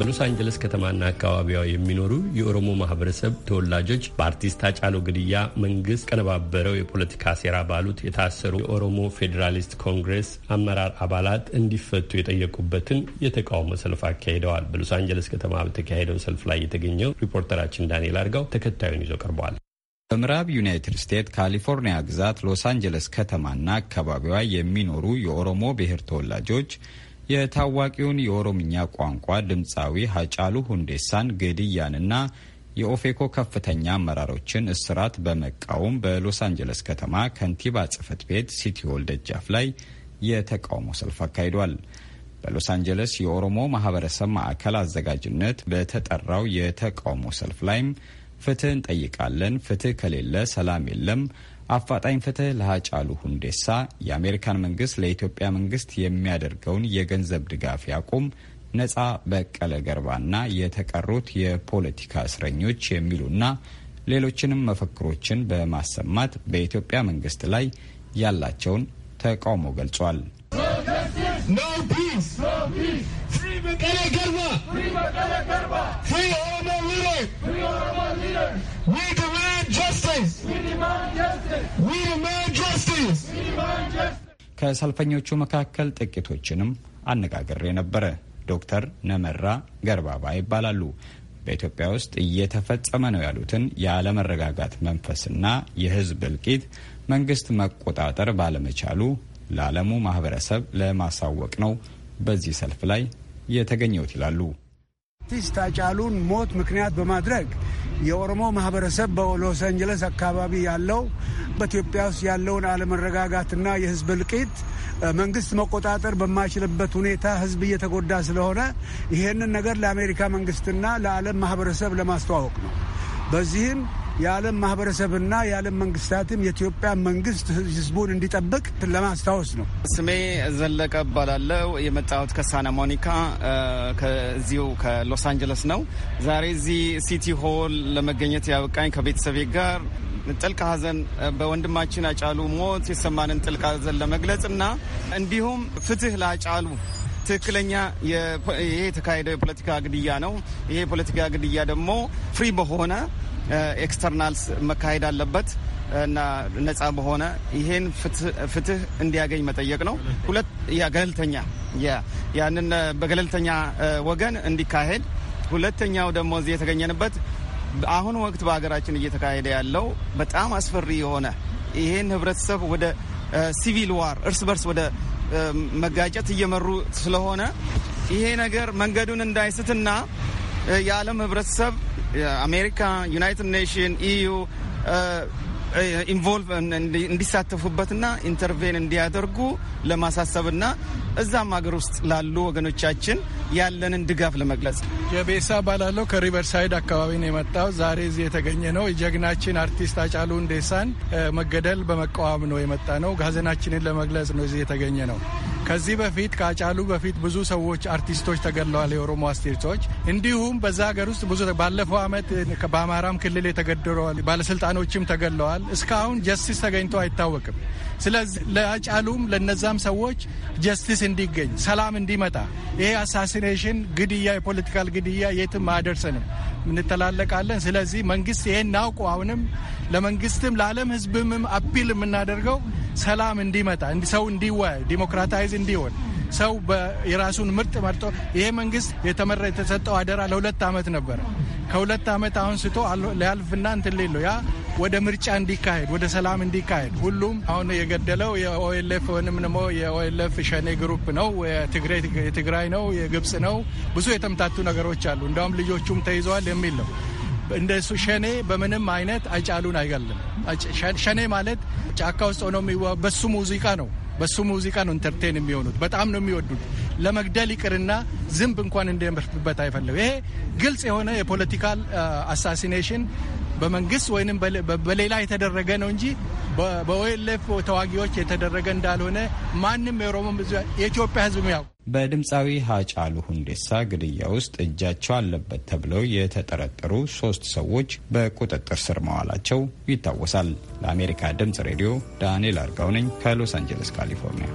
በሎስ አንጀለስ ከተማና አካባቢዋ የሚኖሩ የኦሮሞ ማህበረሰብ ተወላጆች በአርቲስት ሃጫሉ ግድያ መንግስት ቀነባበረው የፖለቲካ ሴራ ባሉት የታሰሩ የኦሮሞ ፌዴራሊስት ኮንግሬስ አመራር አባላት እንዲፈቱ የጠየቁበትን የተቃውሞ ሰልፍ አካሂደዋል። በሎስ አንጀለስ ከተማ በተካሄደው ሰልፍ ላይ የተገኘው ሪፖርተራችን ዳንኤል አርጋው ተከታዩን ይዞ ቀርበዋል። በምዕራብ ዩናይትድ ስቴትስ ካሊፎርኒያ ግዛት ሎስ አንጀለስ ከተማና አካባቢዋ የሚኖሩ የኦሮሞ ብሔር ተወላጆች የታዋቂውን የኦሮምኛ ቋንቋ ድምፃዊ ሀጫሉ ሁንዴሳን ግድያንና የኦፌኮ ከፍተኛ አመራሮችን እስራት በመቃወም በሎስ አንጀለስ ከተማ ከንቲባ ጽህፈት ቤት ሲቲ ሆል ደጃፍ ላይ የተቃውሞ ሰልፍ አካሂዷል። በሎስ አንጀለስ የኦሮሞ ማህበረሰብ ማዕከል አዘጋጅነት በተጠራው የተቃውሞ ሰልፍ ላይም ፍትህ እንጠይቃለን፣ ፍትህ ከሌለ ሰላም የለም አፋጣኝ ፍትህ ለሀጫሉ ሁንዴሳ የአሜሪካን መንግስት ለኢትዮጵያ መንግስት የሚያደርገውን የገንዘብ ድጋፍ ያቁም፣ ነጻ በቀለ ገርባና የተቀሩት የፖለቲካ እስረኞች የሚሉና ሌሎችንም መፈክሮችን በማሰማት በኢትዮጵያ መንግስት ላይ ያላቸውን ተቃውሞ ገልጿል። ኖ ፒስ ፍሪ በቀለ ገርባ ከሰልፈኞቹ መካከል ጥቂቶችንም አነጋግሬ ነበረ። ዶክተር ነመራ ገርባባ ይባላሉ። በኢትዮጵያ ውስጥ እየተፈጸመ ነው ያሉትን የአለመረጋጋት መንፈስና የሕዝብ እልቂት መንግስት መቆጣጠር ባለመቻሉ ለዓለሙ ማህበረሰብ ለማሳወቅ ነው በዚህ ሰልፍ ላይ የተገኘሁት ይላሉ። አርቲስት አጫሉን ሞት ምክንያት በማድረግ የኦሮሞ ማህበረሰብ በሎስ አንጀለስ አካባቢ ያለው በኢትዮጵያ ውስጥ ያለውን አለመረጋጋትና የህዝብ እልቂት መንግስት መቆጣጠር በማይችልበት ሁኔታ ህዝብ እየተጎዳ ስለሆነ ይህንን ነገር ለአሜሪካ መንግስትና ለዓለም ማህበረሰብ ለማስተዋወቅ ነው። በዚህም የዓለም ማህበረሰብና የዓለም መንግስታትም የኢትዮጵያ መንግስት ህዝቡን እንዲጠብቅ ለማስታወስ ነው። ስሜ ዘለቀ እባላለሁ። የመጣሁት ከሳና ሞኒካ ከዚሁ ከሎስ አንጀለስ ነው። ዛሬ እዚህ ሲቲ ሆል ለመገኘት ያበቃኝ ከቤተሰቤ ጋር ጥልቅ ሐዘን በወንድማችን አጫሉ ሞት የሰማንን ጥልቅ ሐዘን ለመግለጽ እና እንዲሁም ፍትህ ለአጫሉ ትክክለኛ ይሄ የተካሄደው የፖለቲካ ግድያ ነው። ይሄ የፖለቲካ ግድያ ደግሞ ፍሪ በሆነ ኤክስተርናልስ መካሄድ አለበት እና ነጻ በሆነ ይሄን ፍትህ እንዲያገኝ መጠየቅ ነው። ሁለት ገለልተኛ ያንን በገለልተኛ ወገን እንዲካሄድ። ሁለተኛው ደግሞ እዚህ የተገኘንበት አሁን ወቅት በሀገራችን እየተካሄደ ያለው በጣም አስፈሪ የሆነ ይሄን ህብረተሰብ ወደ ሲቪል ዋር እርስ በርስ ወደ መጋጨት እየመሩ ስለሆነ ይሄ ነገር መንገዱን እንዳይስትና የዓለም ህብረተሰብ አሜሪካ፣ ዩናይትድ ኔሽን፣ ኢዩ ኢንቮልቭ እንዲሳተፉበትና ኢንተርቬን እንዲያደርጉ ለማሳሰብና እዛም ሀገር ውስጥ ላሉ ወገኖቻችን ያለንን ድጋፍ ለመግለጽ የቤሳ ባላለው ከሪቨርሳይድ አካባቢ ነው የመጣው። ዛሬ እዚህ የተገኘ ነው የጀግናችን አርቲስት አጫሉ ሁንዴሳን መገደል በመቃወም ነው የመጣ ነው። ሀዘናችንን ለመግለጽ ነው እዚህ የተገኘ ነው። ከዚህ በፊት ከአጫሉ በፊት ብዙ ሰዎች አርቲስቶች ተገድለዋል። የኦሮሞ አስቴርቶች እንዲሁም በዛ ሀገር ውስጥ ብዙ ባለፈው አመት በአማራም ክልል የተገደሉ ባለስልጣኖችም ተገድለዋል። ተብሏል። እስካሁን ጀስቲስ ተገኝቶ አይታወቅም። ስለዚህ ለአጫሉም ለነዛም ሰዎች ጀስቲስ እንዲገኝ፣ ሰላም እንዲመጣ ይሄ አሳሲኔሽን ግድያ፣ የፖለቲካል ግድያ የትም አያደርሰንም፣ እንተላለቃለን። ስለዚህ መንግስት ይሄን ናውቁ። አሁንም ለመንግስትም ለዓለም ህዝብም አፒል የምናደርገው ሰላም እንዲመጣ፣ ሰው እንዲወያይ፣ ዲሞክራታይዝ እንዲሆን ሰው የራሱን ምርጥ መርጦ ይሄ መንግስት የተመራ የተሰጠው አደራ ለሁለት ዓመት ነበረ። ከሁለት ዓመት አሁን ስቶ ሊያልፍና እንትን ሌለው ያ ወደ ምርጫ እንዲካሄድ ወደ ሰላም እንዲካሄድ ሁሉም አሁን የገደለው የኦኤልኤፍ ወይም ደግሞ የኦኤልኤፍ ሸኔ ግሩፕ ነው፣ የትግራይ ነው፣ የግብፅ ነው። ብዙ የተምታቱ ነገሮች አሉ። እንዲሁም ልጆቹም ተይዘዋል የሚል ነው። እንደሱ ሸኔ በምንም አይነት አጫሉን አይገልም። ሸኔ ማለት ጫካ ውስጥ ሆኖ በሱ ሙዚቃ ነው በሱ ሙዚቃ ነው ኢንተርቴን የሚሆኑት። በጣም ነው የሚወዱት። ለመግደል ይቅርና ዝንብ እንኳን እንደምርትበት አይፈለጉ። ይሄ ግልጽ የሆነ የፖለቲካል አሳሲኔሽን uh, በመንግስት ወይም በሌላ የተደረገ ነው እንጂ በኦኤልኤፍ ተዋጊዎች የተደረገ እንዳልሆነ ማንም የኦሮሞ የኢትዮጵያ ህዝብ ያው በድምፃዊ ሀጫሉ ሁንዴሳ ግድያ ውስጥ እጃቸው አለበት ተብለው የተጠረጠሩ ሶስት ሰዎች በቁጥጥር ስር መዋላቸው ይታወሳል። ለአሜሪካ ድምፅ ሬዲዮ ዳንኤል አርጋው ነኝ ከሎስ አንጀለስ ካሊፎርኒያ።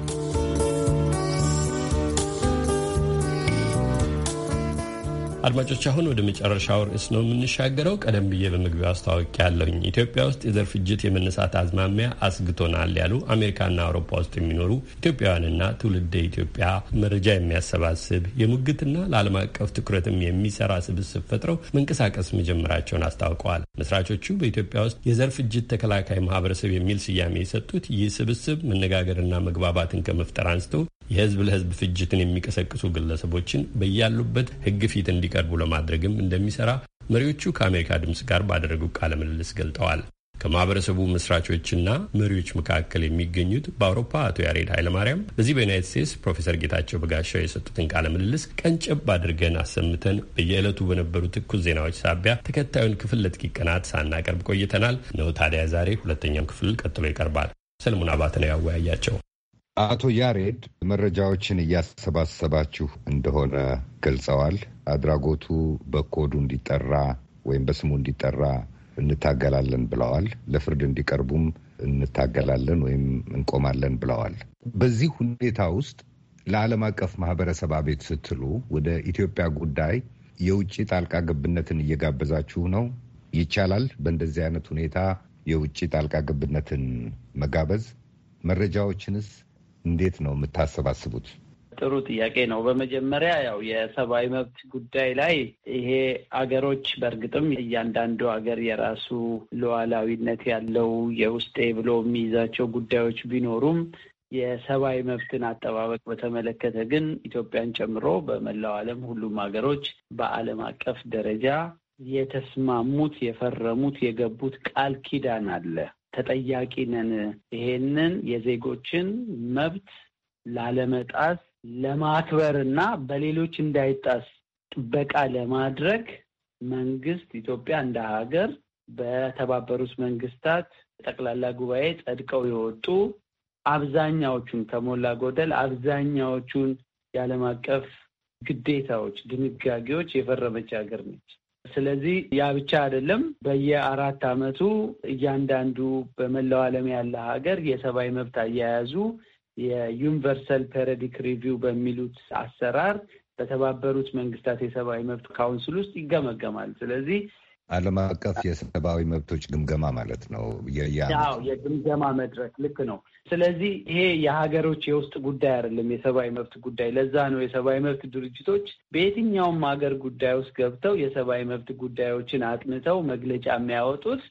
አድማጮች አሁን ወደ መጨረሻው ርዕስ ነው የምንሻገረው። ቀደም ብዬ በመግቢያው አስተዋወቅ ያለውኝ ኢትዮጵያ ውስጥ የዘር ፍጅት የመነሳት አዝማሚያ አስግቶናል ያሉ አሜሪካና አውሮፓ ውስጥ የሚኖሩ ኢትዮጵያውያንና ትውልደ ኢትዮጵያ መረጃ የሚያሰባስብ የሙግትና ለዓለም አቀፍ ትኩረትም የሚሰራ ስብስብ ፈጥረው መንቀሳቀስ መጀመራቸውን አስታውቀዋል። መስራቾቹ በኢትዮጵያ ውስጥ የዘር ፍጅት ተከላካይ ማህበረሰብ የሚል ስያሜ የሰጡት ይህ ስብስብ መነጋገርና መግባባትን ከመፍጠር አንስቶ የህዝብ ለህዝብ ፍጅትን የሚቀሰቅሱ ግለሰቦችን በያሉበት ህግ ፊት እንዲቀርቡ ለማድረግም እንደሚሰራ መሪዎቹ ከአሜሪካ ድምፅ ጋር ባደረጉ ቃለ ምልልስ ገልጠዋል። ከማህበረሰቡ መስራቾችና መሪዎች መካከል የሚገኙት በአውሮፓ አቶ ያሬድ ኃይለማርያም፣ እዚህ በዩናይት ስቴትስ ፕሮፌሰር ጌታቸው በጋሻው የሰጡትን ቃለ ምልልስ ቀንጨብ አድርገን አሰምተን በየዕለቱ በነበሩ ትኩስ ዜናዎች ሳቢያ ተከታዩን ክፍል ለጥቂት ቀናት ሳናቀርብ ቆይተናል ነው። ታዲያ ዛሬ ሁለተኛው ክፍል ቀጥሎ ይቀርባል። ሰለሞን አባተ ነው ያወያያቸው። አቶ ያሬድ መረጃዎችን እያሰባሰባችሁ እንደሆነ ገልጸዋል። አድራጎቱ በኮዱ እንዲጠራ ወይም በስሙ እንዲጠራ እንታገላለን ብለዋል። ለፍርድ እንዲቀርቡም እንታገላለን ወይም እንቆማለን ብለዋል። በዚህ ሁኔታ ውስጥ ለዓለም አቀፍ ማህበረሰብ አቤት ስትሉ ወደ ኢትዮጵያ ጉዳይ የውጭ ጣልቃ ገብነትን እየጋበዛችሁ ነው። ይቻላል በእንደዚህ አይነት ሁኔታ የውጭ ጣልቃ ገብነትን መጋበዝ? መረጃዎችንስ እንዴት ነው የምታሰባስቡት? ጥሩ ጥያቄ ነው። በመጀመሪያ ያው የሰብአዊ መብት ጉዳይ ላይ ይሄ አገሮች በእርግጥም እያንዳንዱ ሀገር የራሱ ሉዓላዊነት ያለው የውስጤ ብሎ የሚይዛቸው ጉዳዮች ቢኖሩም የሰብአዊ መብትን አጠባበቅ በተመለከተ ግን ኢትዮጵያን ጨምሮ በመላው ዓለም ሁሉም ሀገሮች በዓለም አቀፍ ደረጃ የተስማሙት፣ የፈረሙት፣ የገቡት ቃል ኪዳን አለ። ተጠያቂ ነን። ይሄንን የዜጎችን መብት ላለመጣስ ለማክበር በሌሎች እንዳይጣስ ጥበቃ ለማድረግ መንግስት ኢትዮጵያ እንደ ሀገር በተባበሩት መንግስታት ጠቅላላ ጉባኤ ጸድቀው የወጡ አብዛኛዎቹን ከሞላ ጎደል አብዛኛዎቹን የዓለም አቀፍ ግዴታዎች፣ ድንጋጌዎች የፈረመች ሀገር ነች። ስለዚህ ያ ብቻ አይደለም። በየአራት ዓመቱ እያንዳንዱ በመላው ዓለም ያለ ሀገር የሰብአዊ መብት አያያዙ የዩኒቨርሰል ፔሪዲክ ሪቪው በሚሉት አሰራር በተባበሩት መንግስታት የሰብአዊ መብት ካውንስል ውስጥ ይገመገማል። ስለዚህ ዓለም አቀፍ የሰብአዊ መብቶች ግምገማ ማለት ነው። ያው የግምገማ መድረክ ልክ ነው። ስለዚህ ይሄ የሀገሮች የውስጥ ጉዳይ አይደለም፣ የሰብአዊ መብት ጉዳይ። ለዛ ነው የሰብአዊ መብት ድርጅቶች በየትኛውም ሀገር ጉዳይ ውስጥ ገብተው የሰብአዊ መብት ጉዳዮችን አጥንተው መግለጫ የሚያወጡት።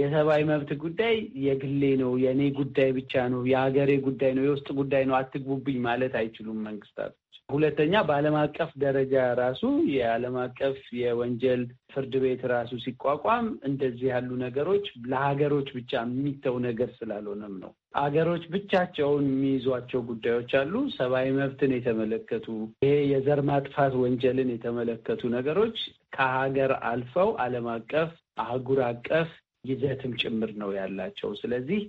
የሰብአዊ መብት ጉዳይ የግሌ ነው፣ የእኔ ጉዳይ ብቻ ነው፣ የሀገሬ ጉዳይ ነው፣ የውስጥ ጉዳይ ነው፣ አትግቡብኝ ማለት አይችሉም መንግስታት ሁለተኛ በዓለም አቀፍ ደረጃ ራሱ የዓለም አቀፍ የወንጀል ፍርድ ቤት ራሱ ሲቋቋም እንደዚህ ያሉ ነገሮች ለሀገሮች ብቻ የሚተው ነገር ስላልሆነም ነው። ሀገሮች ብቻቸውን የሚይዟቸው ጉዳዮች አሉ። ሰብአዊ መብትን የተመለከቱ ይሄ የዘር ማጥፋት ወንጀልን የተመለከቱ ነገሮች ከሀገር አልፈው ዓለም አቀፍ አህጉር አቀፍ ይዘትም ጭምር ነው ያላቸው። ስለዚህ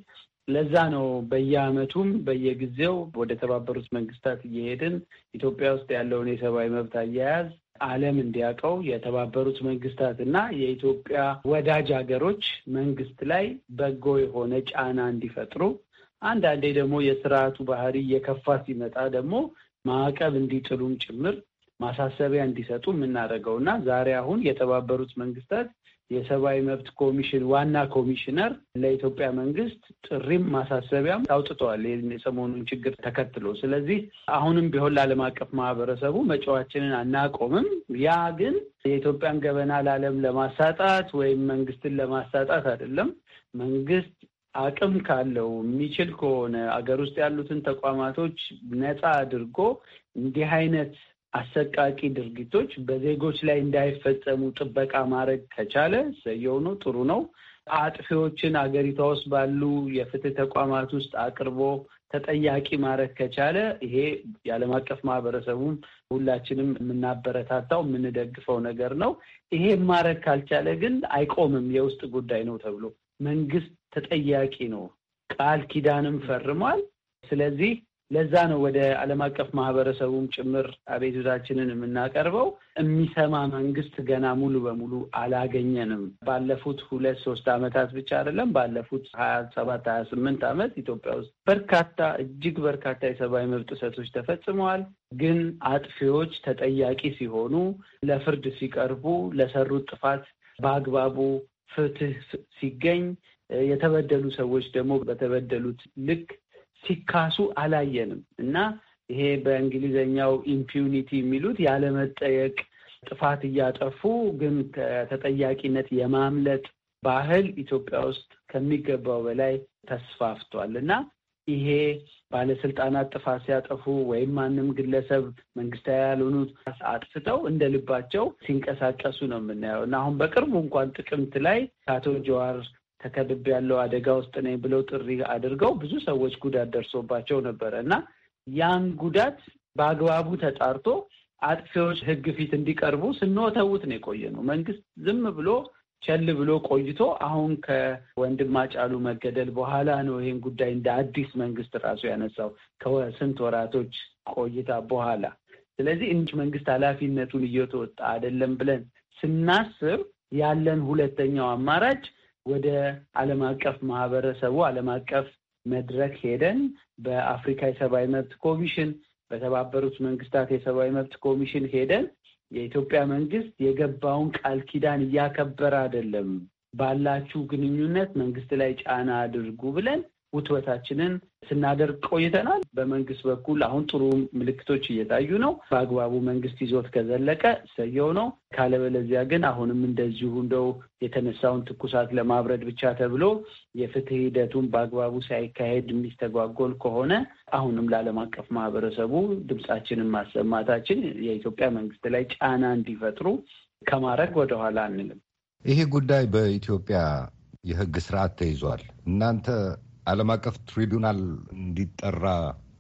ለዛ ነው በየአመቱም በየጊዜው ወደ ተባበሩት መንግስታት እየሄድን ኢትዮጵያ ውስጥ ያለውን የሰብአዊ መብት አያያዝ ዓለም እንዲያውቀው የተባበሩት መንግስታት እና የኢትዮጵያ ወዳጅ ሀገሮች መንግስት ላይ በጎ የሆነ ጫና እንዲፈጥሩ አንዳንዴ ደግሞ የስርዓቱ ባህሪ የከፋ ሲመጣ ደግሞ ማዕቀብ እንዲጥሉም ጭምር ማሳሰቢያ እንዲሰጡ የምናደርገው እና ዛሬ አሁን የተባበሩት መንግስታት የሰብአዊ መብት ኮሚሽን ዋና ኮሚሽነር ለኢትዮጵያ መንግስት ጥሪም ማሳሰቢያም አውጥተዋል የሰሞኑን ችግር ተከትሎ። ስለዚህ አሁንም ቢሆን ለዓለም አቀፍ ማህበረሰቡ መጫዋችንን አናቆምም። ያ ግን የኢትዮጵያን ገበና ለዓለም ለማሳጣት ወይም መንግስትን ለማሳጣት አይደለም። መንግስት አቅም ካለው የሚችል ከሆነ አገር ውስጥ ያሉትን ተቋማቶች ነፃ አድርጎ እንዲህ አይነት አሰቃቂ ድርጊቶች በዜጎች ላይ እንዳይፈጸሙ ጥበቃ ማድረግ ከቻለ ሰየው ነው፣ ጥሩ ነው። አጥፊዎችን አገሪቷ ውስጥ ባሉ የፍትህ ተቋማት ውስጥ አቅርቦ ተጠያቂ ማድረግ ከቻለ ይሄ የዓለም አቀፍ ማህበረሰቡም ሁላችንም የምናበረታታው የምንደግፈው ነገር ነው። ይሄ ማድረግ ካልቻለ ግን አይቆምም፣ የውስጥ ጉዳይ ነው ተብሎ መንግስት ተጠያቂ ነው፣ ቃል ኪዳንም ፈርሟል። ስለዚህ ለዛ ነው ወደ ዓለም አቀፍ ማህበረሰቡም ጭምር አቤቱታችንን የምናቀርበው። የሚሰማ መንግስት ገና ሙሉ በሙሉ አላገኘንም። ባለፉት ሁለት ሶስት ዓመታት ብቻ አይደለም ባለፉት ሀያ ሰባት ሀያ ስምንት ዓመት ኢትዮጵያ ውስጥ በርካታ እጅግ በርካታ የሰብአዊ መብት ጥሰቶች ተፈጽመዋል። ግን አጥፊዎች ተጠያቂ ሲሆኑ፣ ለፍርድ ሲቀርቡ፣ ለሰሩት ጥፋት በአግባቡ ፍትህ ሲገኝ የተበደሉ ሰዎች ደግሞ በተበደሉት ልክ ሲካሱ አላየንም እና ይሄ በእንግሊዝኛው ኢምፒዩኒቲ የሚሉት ያለመጠየቅ ጥፋት እያጠፉ ግን ከተጠያቂነት የማምለጥ ባህል ኢትዮጵያ ውስጥ ከሚገባው በላይ ተስፋፍቷል እና ይሄ ባለስልጣናት ጥፋት ሲያጠፉ ወይም ማንም ግለሰብ መንግስታዊ ያልሆኑት አጥፍተው እንደ ልባቸው ሲንቀሳቀሱ ነው የምናየው እና አሁን በቅርቡ እንኳን ጥቅምት ላይ ከአቶ ጀዋር ተከብብ ያለው አደጋ ውስጥ ነኝ ብለው ጥሪ አድርገው ብዙ ሰዎች ጉዳት ደርሶባቸው ነበረ እና ያን ጉዳት በአግባቡ ተጣርቶ አጥፊዎች ሕግ ፊት እንዲቀርቡ ስንወተውት ነው የቆየ ነው። መንግስት ዝም ብሎ ቸል ብሎ ቆይቶ አሁን ከወንድም አጫሉ መገደል በኋላ ነው ይህን ጉዳይ እንደ አዲስ መንግስት ራሱ ያነሳው ከስንት ወራቶች ቆይታ በኋላ። ስለዚህ እንጂ መንግስት ኃላፊነቱን እየተወጣ አይደለም ብለን ስናስብ ያለን ሁለተኛው አማራጭ ወደ ዓለም አቀፍ ማህበረሰቡ ዓለም አቀፍ መድረክ ሄደን በአፍሪካ የሰብአዊ መብት ኮሚሽን፣ በተባበሩት መንግስታት የሰብአዊ መብት ኮሚሽን ሄደን የኢትዮጵያ መንግስት የገባውን ቃል ኪዳን እያከበረ አይደለም፣ ባላችሁ ግንኙነት መንግስት ላይ ጫና አድርጉ ብለን ውትበታችንን ስናደርግ ቆይተናል። በመንግስት በኩል አሁን ጥሩ ምልክቶች እየታዩ ነው። በአግባቡ መንግስት ይዞት ከዘለቀ ሰየው ነው። ካለበለዚያ ግን አሁንም እንደዚሁ እንደው የተነሳውን ትኩሳት ለማብረድ ብቻ ተብሎ የፍትህ ሂደቱን በአግባቡ ሳይካሄድ የሚስተጓጎል ከሆነ አሁንም ለዓለም አቀፍ ማህበረሰቡ ድምፃችንን ማሰማታችን የኢትዮጵያ መንግስት ላይ ጫና እንዲፈጥሩ ከማድረግ ወደኋላ አንልም። ይሄ ጉዳይ በኢትዮጵያ የህግ ስርዓት ተይዟል። እናንተ ዓለም አቀፍ ትሪቢናል እንዲጠራ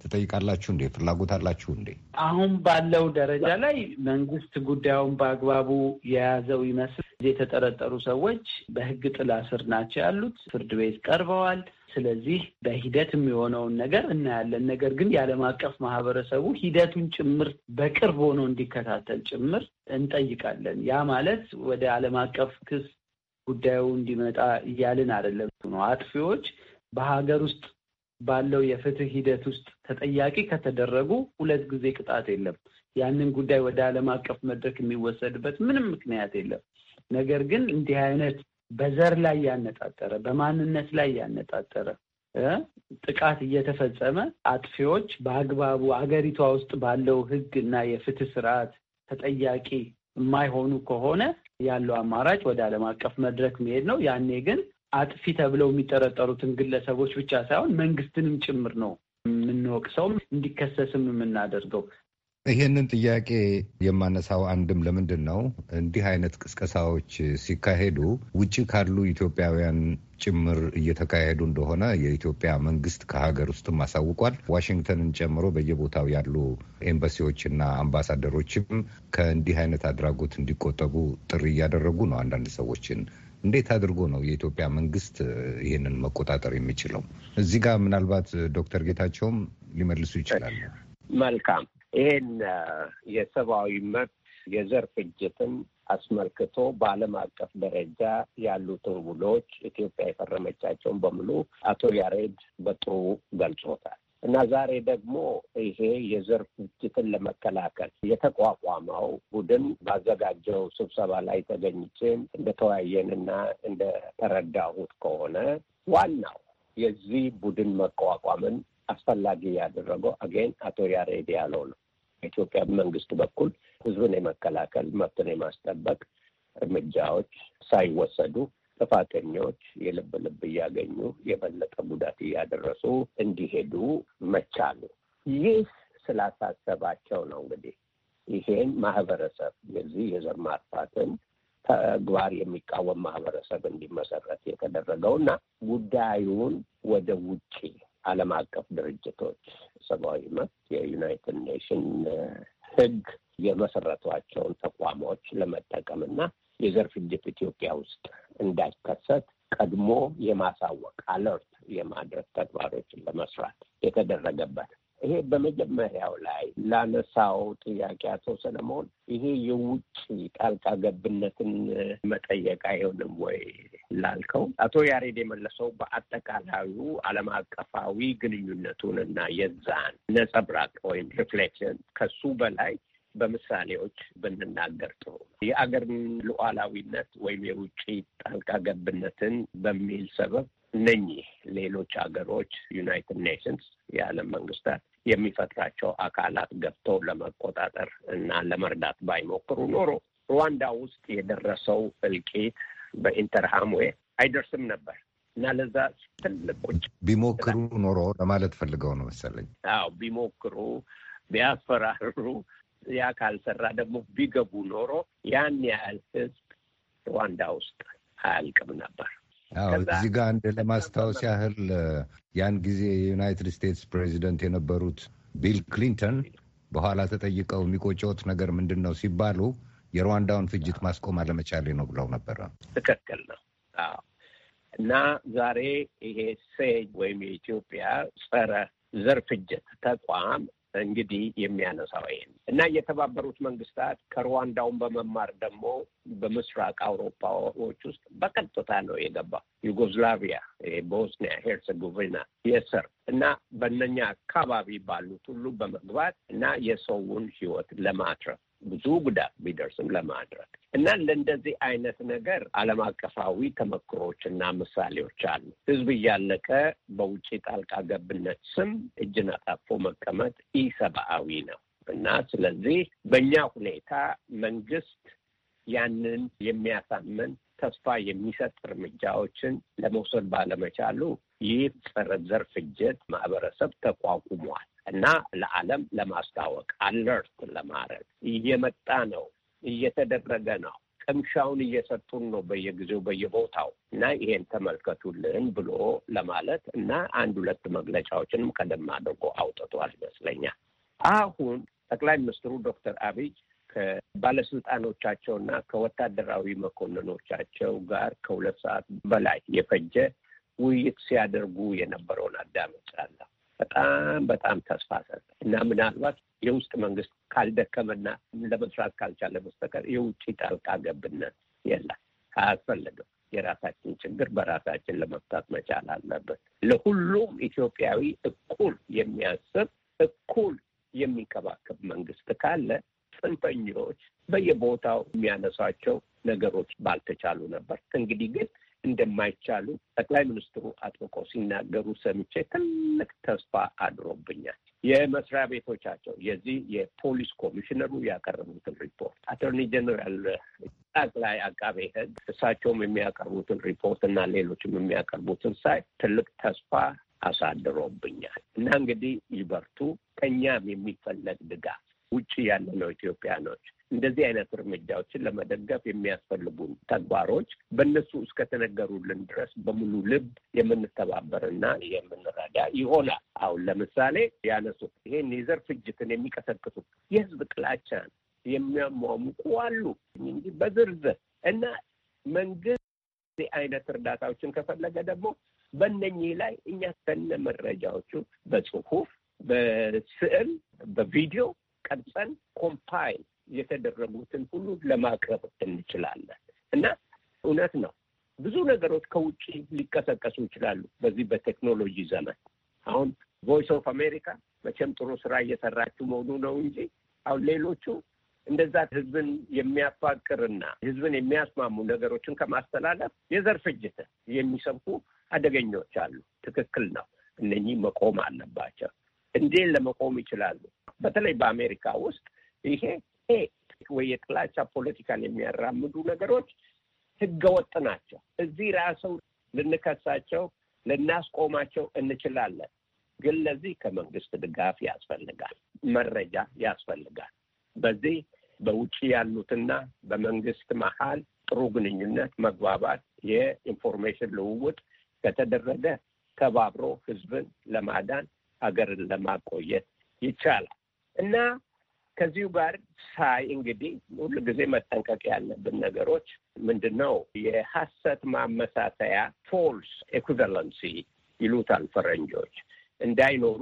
ትጠይቃላችሁ እንዴ? ፍላጎት አላችሁ እንዴ? አሁን ባለው ደረጃ ላይ መንግስት ጉዳዩን በአግባቡ የያዘው ይመስል የተጠረጠሩ ሰዎች በህግ ጥላ ስር ናቸው ያሉት፣ ፍርድ ቤት ቀርበዋል። ስለዚህ በሂደት የሚሆነውን ነገር እናያለን። ነገር ግን የዓለም አቀፍ ማህበረሰቡ ሂደቱን ጭምር በቅርብ ሆኖ እንዲከታተል ጭምር እንጠይቃለን። ያ ማለት ወደ ዓለም አቀፍ ክስ ጉዳዩ እንዲመጣ እያልን አይደለም ነው አጥፊዎች በሀገር ውስጥ ባለው የፍትህ ሂደት ውስጥ ተጠያቂ ከተደረጉ ሁለት ጊዜ ቅጣት የለም። ያንን ጉዳይ ወደ ዓለም አቀፍ መድረክ የሚወሰድበት ምንም ምክንያት የለም። ነገር ግን እንዲህ አይነት በዘር ላይ ያነጣጠረ በማንነት ላይ ያነጣጠረ ጥቃት እየተፈጸመ አጥፊዎች በአግባቡ አገሪቷ ውስጥ ባለው ህግ እና የፍትህ ስርዓት ተጠያቂ የማይሆኑ ከሆነ ያለው አማራጭ ወደ ዓለም አቀፍ መድረክ መሄድ ነው። ያኔ ግን አጥፊ ተብለው የሚጠረጠሩትን ግለሰቦች ብቻ ሳይሆን መንግስትንም ጭምር ነው የምንወቅሰውም እንዲከሰስም የምናደርገው። ይህንን ጥያቄ የማነሳው አንድም ለምንድን ነው እንዲህ አይነት ቅስቀሳዎች ሲካሄዱ ውጭ ካሉ ኢትዮጵያውያን ጭምር እየተካሄዱ እንደሆነ የኢትዮጵያ መንግስት ከሀገር ውስጥም አሳውቋል። ዋሽንግተንን ጨምሮ በየቦታው ያሉ ኤምባሲዎችና አምባሳደሮችም ከእንዲህ አይነት አድራጎት እንዲቆጠቡ ጥሪ እያደረጉ ነው አንዳንድ ሰዎችን እንዴት አድርጎ ነው የኢትዮጵያ መንግስት ይህንን መቆጣጠር የሚችለው? እዚህ ጋር ምናልባት ዶክተር ጌታቸውም ሊመልሱ ይችላሉ። መልካም። ይህን የሰብአዊ መብት የዘር ፍጅትን አስመልክቶ በዓለም አቀፍ ደረጃ ያሉትን ውሎች ኢትዮጵያ የፈረመቻቸውን በሙሉ አቶ ያሬድ በጥሩ ገልጾታል። እና ዛሬ ደግሞ ይሄ የዘር ፍጅትን ለመከላከል የተቋቋመው ቡድን ባዘጋጀው ስብሰባ ላይ ተገኝቼ እንደተወያየንና እንደተረዳሁት ከሆነ ዋናው የዚህ ቡድን መቋቋምን አስፈላጊ ያደረገው አጌን አቶ ያሬድ ያለው ነው። በኢትዮጵያ መንግስት በኩል ህዝብን የመከላከል መብትን የማስጠበቅ እርምጃዎች ሳይወሰዱ ጥፋተኞች የልብ ልብ እያገኙ የበለጠ ጉዳት እያደረሱ እንዲሄዱ መቻሉ ይህ ስላሳሰባቸው ነው። እንግዲህ ይሄን ማህበረሰብ የዚህ የዘር ማጥፋትን ተግባር የሚቃወም ማህበረሰብ እንዲመሰረት የተደረገው እና ጉዳዩን ወደ ውጪ ዓለም አቀፍ ድርጅቶች ሰብአዊ መብት የዩናይትድ ኔሽን ህግ የመሰረቷቸውን ተቋሞች ለመጠቀምና የዘር ፍጅት ኢትዮጵያ ውስጥ እንዳይከሰት ቀድሞ የማሳወቅ አለርት የማድረግ ተግባሮችን ለመስራት የተደረገበት ይሄ በመጀመሪያው ላይ ላነሳው ጥያቄ አቶ ሰለሞን ይሄ የውጭ ጣልቃ ገብነትን መጠየቅ አይሆንም ወይ ላልከው፣ አቶ ያሬድ የመለሰው በአጠቃላዩ ዓለም አቀፋዊ ግንኙነቱን እና የዛን ነጸብራቅ ወይም ሪፍሌክሽን ከሱ በላይ በምሳሌዎች ብንናገር ጥሩ ነው። የአገርን ሉዓላዊነት ወይም የውጭ ጣልቃ ገብነትን በሚል ሰበብ እነኚህ ሌሎች ሀገሮች ዩናይትድ ኔሽንስ የዓለም መንግስታት የሚፈጥራቸው አካላት ገብተው ለመቆጣጠር እና ለመርዳት ባይሞክሩ ኖሮ ሩዋንዳ ውስጥ የደረሰው እልቂት በኢንተርሃምዌ አይደርስም ነበር እና ለዛ ትልቅ ቁጭ ቢሞክሩ ኖሮ ለማለት ፈልገው ነው መሰለኝ። አዎ ቢሞክሩ ቢያስፈራሩ ያ ካልሰራ ደግሞ ቢገቡ ኖሮ ያን ያህል ህዝብ ሩዋንዳ ውስጥ አያልቅም ነበር። አዎ እዚህ ጋር አንድ ለማስታወስ ያህል ያን ጊዜ የዩናይትድ ስቴትስ ፕሬዚደንት የነበሩት ቢል ክሊንተን በኋላ ተጠይቀው የሚቆጨውት ነገር ምንድን ነው ሲባሉ የሩዋንዳውን ፍጅት ማስቆም አለመቻሌ ነው ብለው ነበረ። ትክክል ነው። እና ዛሬ ይሄ ሴጅ ወይም የኢትዮጵያ ጸረ ዘር ፍጅት ተቋም እንግዲህ የሚያነሳው ይሄን እና የተባበሩት መንግስታት ከሩዋንዳውን በመማር ደግሞ በምስራቅ አውሮፓዎች ውስጥ በቀጥታ ነው የገባ ዩጎዝላቪያ፣ ቦስኒያ ሄርሴጎቪና የስር እና በእነኛ አካባቢ ባሉት ሁሉ በመግባት እና የሰውን ህይወት ለማትረፍ ብዙ ጉዳት ቢደርስም ለማድረግ እና ለእንደዚህ አይነት ነገር ዓለም አቀፋዊ ተመክሮች እና ምሳሌዎች አሉ። ህዝብ እያለቀ በውጭ ጣልቃ ገብነት ስም እጅን አጣፎ መቀመጥ ኢሰብአዊ ነው። እና ስለዚህ በእኛ ሁኔታ መንግስት ያንን የሚያሳምን ተስፋ የሚሰጥ እርምጃዎችን ለመውሰድ ባለመቻሉ ይህ ጸረ ዘር ፍጅት ማህበረሰብ ተቋቁሟል እና ለዓለም ለማስታወቅ አለርት ለማድረግ እየመጣ ነው፣ እየተደረገ ነው፣ ቅምሻውን እየሰጡን ነው በየጊዜው በየቦታው እና ይሄን ተመልከቱልን ብሎ ለማለት እና አንድ ሁለት መግለጫዎችንም ቀደም አድርጎ አውጥቷል ይመስለኛል። አሁን ጠቅላይ ሚኒስትሩ ዶክተር አብይ ከባለስልጣኖቻቸውና ከወታደራዊ መኮንኖቻቸው ጋር ከሁለት ሰዓት በላይ የፈጀ ውይይት ሲያደርጉ የነበረውን አዳምጫለሁ። በጣም በጣም ተስፋ ሰጠ እና ምናልባት የውስጥ መንግስት ካልደከመና ለመስራት ካልቻለ በስተቀር የውጭ ጣልቃ ገብነት የለም፣ አያስፈልግም። የራሳችን ችግር በራሳችን ለመፍታት መቻል አለበት። ለሁሉም ኢትዮጵያዊ እኩል የሚያስብ እኩል የሚንከባከብ መንግስት ካለ ጽንፈኞች በየቦታው የሚያነሷቸው ነገሮች ባልተቻሉ ነበር። እንግዲህ ግን እንደማይቻሉ ጠቅላይ ሚኒስትሩ አጥብቆ ሲናገሩ ሰምቼ ትልቅ ተስፋ አድሮብኛል። የመስሪያ ቤቶቻቸው የዚህ የፖሊስ ኮሚሽነሩ ያቀረቡትን ሪፖርት አቶርኒ ጀነራል ጠቅላይ አቃቤ ሕግ እሳቸውም የሚያቀርቡትን ሪፖርት እና ሌሎችም የሚያቀርቡትን ሳይ ትልቅ ተስፋ አሳድሮብኛል እና እንግዲህ ይበርቱ። ከኛም የሚፈለግ ድጋፍ ውጭ ያለ ነው ኢትዮጵያኖች እንደዚህ አይነት እርምጃዎችን ለመደገፍ የሚያስፈልጉን ተግባሮች በእነሱ እስከተነገሩልን ድረስ በሙሉ ልብ የምንተባበርና የምንረዳ ይሆናል። አሁን ለምሳሌ ያነሱት ይሄን የዘር ፍጅትን የሚቀሰቅሱ የህዝብ ጥላቻን የሚያሟሙቁ አሉ እንጂ በዝርዝር እና መንግስት አይነት እርዳታዎችን ከፈለገ ደግሞ በእነኚህ ላይ እኛ ከነ መረጃዎቹ በጽሁፍ፣ በስዕል፣ በቪዲዮ ቀርጸን ኮምፓይል የተደረጉትን ሁሉ ለማቅረብ እንችላለን እና እውነት ነው ብዙ ነገሮች ከውጭ ሊቀሰቀሱ ይችላሉ። በዚህ በቴክኖሎጂ ዘመን አሁን ቮይስ ኦፍ አሜሪካ መቼም ጥሩ ስራ እየሰራችሁ መሆኑ ነው እንጂ አሁን ሌሎቹ እንደዛ ህዝብን የሚያፋቅርና ህዝብን የሚያስማሙ ነገሮችን ከማስተላለፍ የዘር እጅት የሚሰብኩ አደገኞች አሉ። ትክክል ነው። እነኚህ መቆም አለባቸው። እንዴት ለመቆም ይችላሉ? በተለይ በአሜሪካ ውስጥ ይሄ ወይ የጥላቻ ፖለቲካን የሚያራምዱ ነገሮች ህገወጥ ናቸው። እዚህ ራሰው ልንከሳቸው ልናስቆማቸው እንችላለን። ግን ለዚህ ከመንግስት ድጋፍ ያስፈልጋል፣ መረጃ ያስፈልጋል። በዚህ በውጭ ያሉትና በመንግስት መሀል ጥሩ ግንኙነት፣ መግባባት፣ የኢንፎርሜሽን ልውውጥ ከተደረገ ተባብሮ ህዝብን ለማዳን ሀገርን ለማቆየት ይቻላል እና ከዚሁ ጋር ሳይ እንግዲህ ሁሉ ጊዜ መጠንቀቅ ያለብን ነገሮች ምንድን ነው? የሀሰት ማመሳሰያ ፎልስ ኤኩቫለንሲ ይሉታል ፈረንጆች እንዳይኖሩ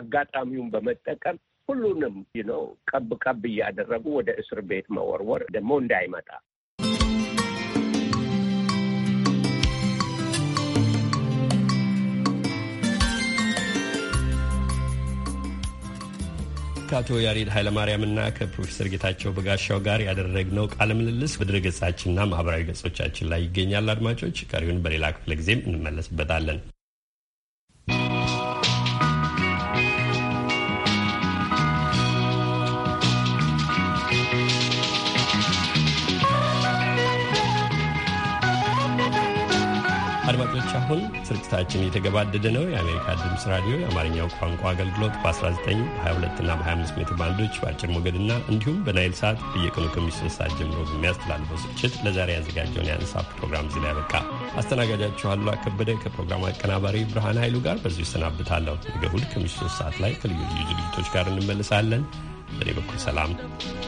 አጋጣሚውን በመጠቀም ሁሉንም ነው ቀብ ቀብ እያደረጉ ወደ እስር ቤት መወርወር ደግሞ እንዳይመጣ ከአቶ ያሬድ ኃይለማርያምና ከፕሮፌሰር ጌታቸው በጋሻው ጋር ያደረግነው ቃለ ምልልስ በድረገጻችንና ማህበራዊ ገጾቻችን ላይ ይገኛል። አድማጮች፣ ቀሪውን በሌላ ክፍለ ጊዜም እንመለስበታለን። አሁን ስርጭታችን የተገባደደ ነው። የአሜሪካ ድምፅ ራዲዮ የአማርኛው ቋንቋ አገልግሎት በ19 በ22 እና በ25 ሜትር ባንዶች በአጭር ሞገድና እንዲሁም በናይል ሰዓት በየቀኑ ከምሽቱ ሶስት ሰዓት ጀምሮ በሚያስተላልፈው ስርጭት ለዛሬ ያዘጋጀውን የአንሳ ፕሮግራም እዚህ ላይ ያበቃ። አስተናጋጃችኋሉ አከበደ ከፕሮግራም አቀናባሪ ብርሃን ኃይሉ ጋር በዚሁ ይሰናብታለሁ። ነገ እሑድ ከምሽቱ ሶስት ሰዓት ላይ ከልዩ ልዩ ዝግጅቶች ጋር እንመልሳለን። በእኔ በኩል ሰላም፣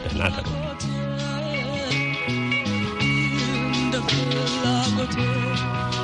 ደህና ደሩ። Love